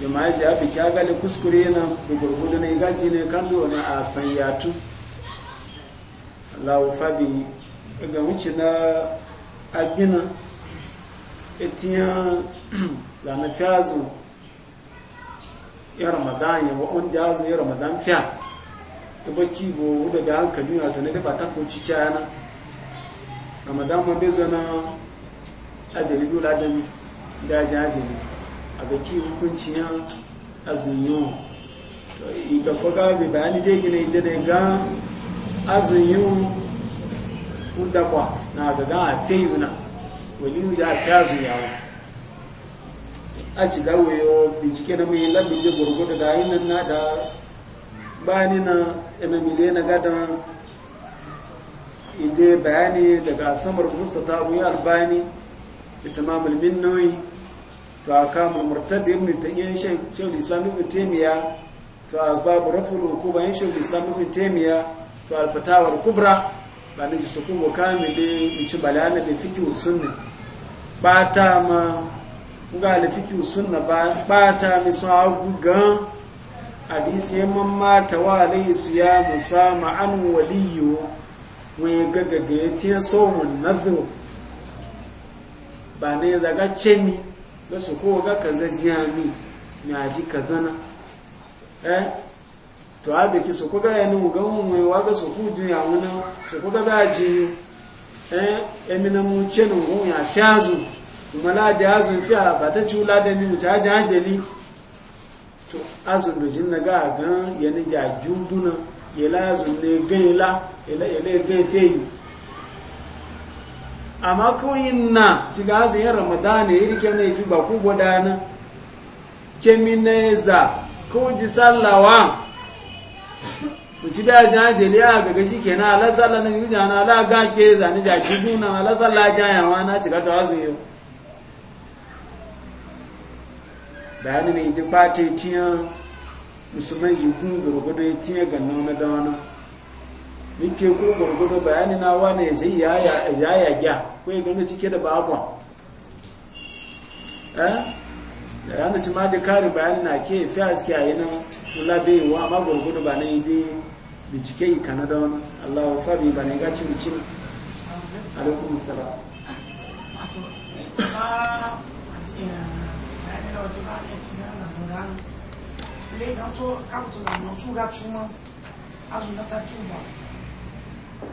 yamaji e abi kya gale kuskure na da e gurgudu na igaji ne kan na a sanyatu lawo fabi ga wuce na agbina etiyan zane fiyazu ya ramadan ya wa'on da azu ya ramadan fiya ta baki bo wuda da hankali na ta ne da ba ta ko cica yana ramadan ma bezo na ajali yi da dami da ajiyar ajali a baki hukunci ya azinyo to ga faga bai bayani dai gina ita da ga azinyo kun da kwa na ga ga afi yuna wani mu ja afi azu yawo a ci ga wayo bincike na mai labin je gurgudu da yi nan na da bayani na ina mile na gadon ide bayani daga samar mustata ta ya albani da mulmin nauyi to aka murtad ibn tayyiban shaykh islam ibn taymiya to asbab raful hukuba shaykh islam ibn taymiya to alfatawar kubra ba ji su kuma da in ci balana da fiki sunna ba ta ma ga da fiki sunna ba ta mi sun hagu gan hadisi ya ta wa alayhi su ya musa ma'an waliyu wani gagaga ya tiya sohun nazo ba ne zaga mi da su kowa ga kaza mi na ji kazana eh to a da ki so kuga ya nuhu ga mu mai waga so ku duniya wani so kuga ga ji eh emina mu chenu hu ya fiazu mala da azun fiya a bata chula da mi ta jajeli to azun do jinna ga gan ya ni ja jubuna ya la azun ne gan la ila ila gan feyu amma ko kawai na ciga azun yan Ramadan, ya rike na yafi ba ku godana kemineza ko ji sallawa muci bɛ jan jeli a gaga shi ke na alasala na yi jana ala ga ke zane jaki ja alasala duna ala sallah ya wa na cika ta wasu yo bayani ne ita ba ta tiya musulmai ji kun gurgudu ya tiya ganna na da wani muke kun gurgudu bayani na wani ya shi ya ya gya ko ya gano cike da babu eh da yana ci ma da kare bayani na ke fi aske a yi nan wula bai wa amma gurgudu ba na yi dai bincike yi kana da wani allahu fabi ba na yi gaci bikin alaikun sala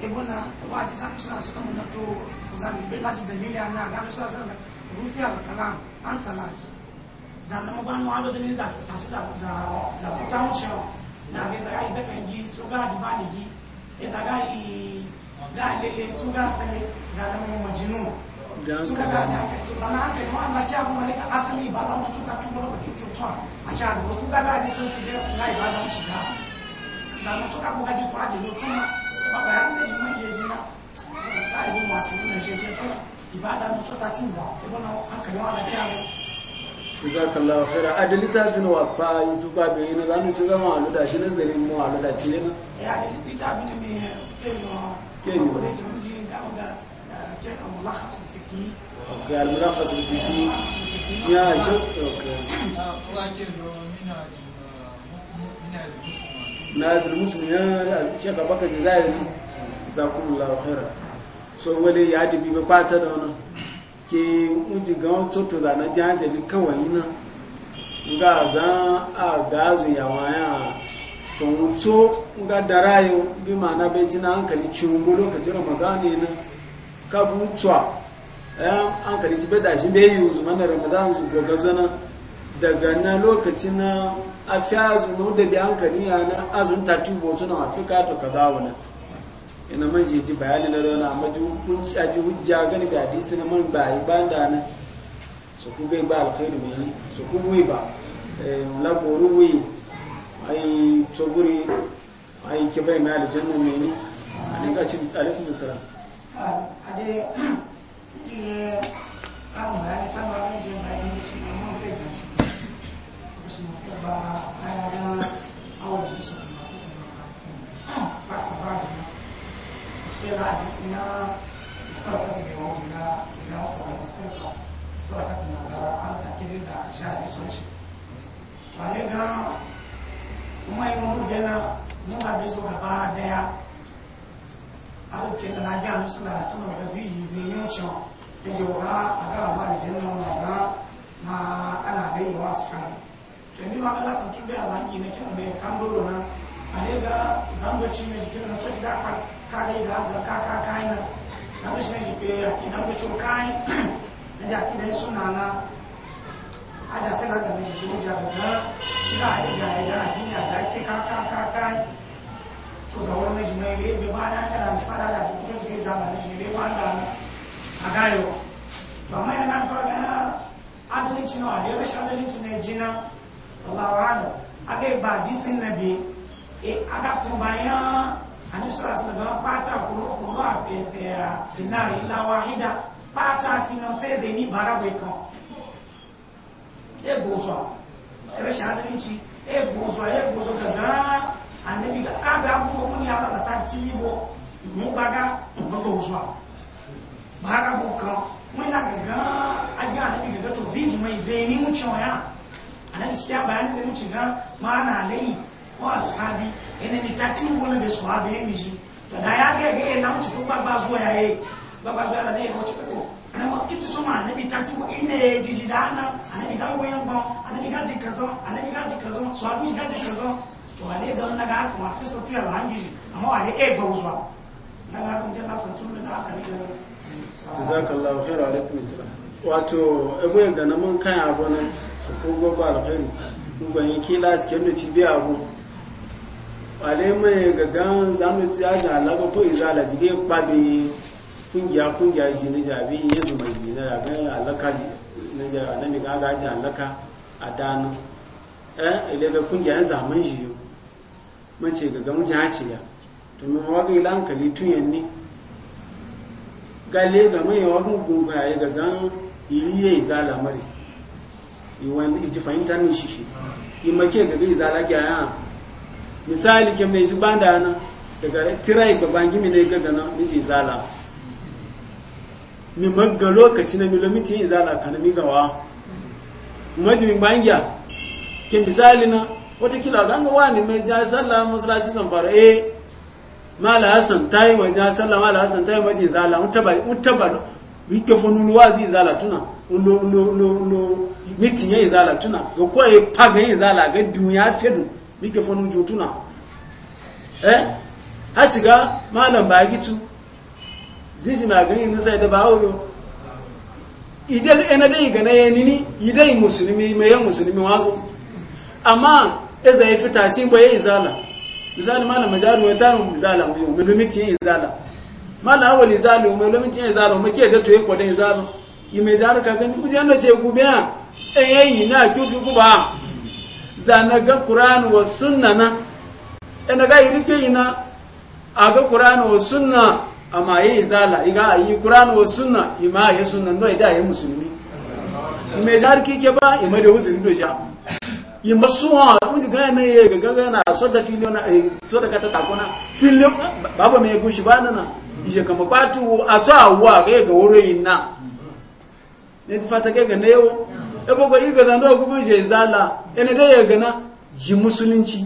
ebona wa ti sa musa sa na to fuzani be la ti dalili ana ga musa san rufi al kalam an ah, zanama ba no ado dene za ta su da za za ku ta mucho na be za gai za kan gi su ga di ba bani gi e za gai ga lele su ga sale zanama ya majinu su ga ga ka to ta na ke ma na kya kuma ne ka asali ba da mutu ta tu ko ku tu twa a cha go ku ga ga di sun ku de ga ba da mutu ga zanama su ka ku ga ji twa ji no tu ba ba ya ne ji ma je ji na ga ni mu asali ne je je twa ibada mutu ta tu ba ko na an ka yo ala kya jazakallahu khaira adalita bin wa fa yitu ba be ina zanu ci gama alu da shi nazarin mu alu da ci ne ya adalita bin me ke yi ko da ji da da ke mulakhas fiki okay al mulakhas fiki ya shi okay nazil muslim ya shekha baka jazairi jazakumullahu khaira so wani ya dibi ba ta da wannan ke uji gan soto da na jajali kawai na ga gan a gazu ya waya to mutu ga darayo bi ma na bai na hankali cimbo lokacin ramadani na ka butuwa ɗayan hankali ci bai da shi bai yi zuma na ramadan su goga zana daga na lokacin na a fiya zuma da bi hankali ya na azun tatu botu na afirka to ka zawo na ina man je ji bayani na rana amma ji hukunci a ji hujja gani ga hadisi na man ba yi ban da na su ku gai ba alkhairu mai su ku bui ba eh, laboru bui ai tsoguri ai ke bai mai aljanna mai ni a ne ga ci alifin da sara a dai ke kan bayani sama ne je bayani shi ne mun fi ba حديثنا افترقت بيومنا إلى وصل الفرقة افترقت النصارى عن تأكيد عائشة لسوشي فلقى وما يمر بنا مما بيزوغ بعد har ke da nagi a musu na sama ga zihi zinyo cin da yoga a ga ba da jinnan wanda ma ana gaiwa su kan to ni ma Allah sun tuba zangi ne kin me kan dole na ale ga zango ci ne kin na to da kan kaga yi ga ka kayan na wasu na jibe ya ki na wucin kayan na jaki na suna na a da fila da mai jiwo ja daga shiga a diga ya da jinya ka ka kaka kaka to za wani ji mai lebe ba na tara sada da duk da ke zama na ji lebe an da a gayo to amma yana na faga adalci na wadda ya rashin adalci na jina Allah wa'ala aga ba disin na bi e, aga ya. àní sọ́ọ̀sì da pátá kúrúkú ló àfẹ́fẹ́ fìnnárì láwa hídà pátá fínà sẹ́sẹ̀ ní bàrágbé kan egbòsọ̀ rashin adalci egbòsọ̀ egbòsọ̀ gàgà annabi ga kaga abubuwa mun ya bada ta cini bo mun baga mun ga uswa baga bo ka mun na zizi mai zaini mun cewa ya annabi shi ya bayani zai mun na lai wa ashabi ene mitatu wona be swabe emiji da ya ge na mtu tu baba zuwa yae baba zuwa ne ko chiko na mo kitu tuma ne mitatu ine jijidana ana mi ga wemba ana mi ga jikazo ana mi ga jikazo swabe mi ga jikazo to a ale don na ga ma fisa tu ya langiji amma ale e ba zuwa na ga kun jalla san tun da aka rike jazakallahu khairu alaikum assalam wato ebo da na mun kan abu nan ko gogo alkhairu mun ban yi kila asken ci biya abu ale mai gagan zamu ci ya ga laba ko izala jige kwabe kungiya kungiya shi ne jabi ya zuma yi na ga alaka ne ja nan ne ga ga ja alaka a dano eh ile ga kungiya zaman shi mun ce gaga mun ja ci ya to mun waga ila hankali tun yanni gale ga mai wa ye gunga ya gagan iliye izala mare iwan iji fahimta ne shi shi imake gaga izala ga ya misali ke mai zuba da nan daga tirai ba bangi mi ne gaga nan mi zala mi magga lokaci na milomiti lomiti zala kana na gawa maji mi bangiya ke misali na watakila ga wa wani mai ja sallah masallaci zan fara eh mala hasan ta yi ja sallah mala hasan yi majin zala mutaba mutaba wike fonulu wazi zala tuna lo lo lo lo mitin ya zala tuna ga ko e yayi zala ga duniya fedu microphone jotuna eh a ciga malam ba gitu zizi na gani na sai da ba yo idan ina dai gana ya nini idai musulmi mai yan musulmi wazo amma eza ya fita cin ba ya izala misali malam majaru ya tanu izala mu yo mulumiti ya izala malam awali izala mu mulumiti ya izala mu ke da to ya kodan izala yi mai zaru ka gani kuje an da ce gubiya eh yayi na kufi kuba zanaga Qur'an wa sunna na ina ga irike ina aga Qur'an wa sunna amma yayi zala iga yi Qur'an wa sunna ima ya sunna no ida ya musulmi me zar ke ba ima da uzuri do ja yi masuwa mun ga na ye ga ga na so da filo na eh, so da kata takona filo baba me gushi ba na ije kama batu a ta wa ga ga woro ina ne ta fata ga ga ne yo ebe ko iga zan do kuma je zala ene da ya gana ji musulunci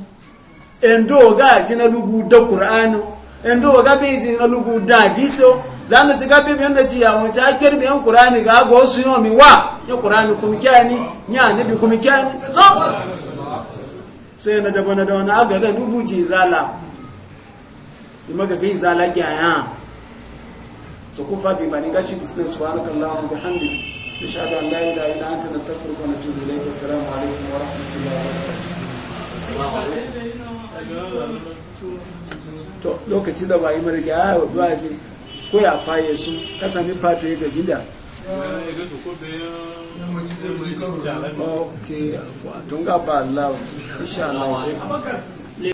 endo ga ji na lugu da qur'ani endo ga bi ji na lugu da diso zan ci ga be men ci ya mu ta ker be qur'ani ga go su yo mi wa yo qur'ani kum kyani nya ne bi kum kyani so sai na da bana da wani aga da dubu ji zala kuma ga gai zala kyaya so kufa bi mani ga ci business wa nakallahu bihamdihi نشهد أن لا إله إلا أنت نستغفرك ونتوب إليك lokaci da ba yi mara ga ya ba ji ko ya faye su kasami fata ya gabi da ok tun ga ba Allah insha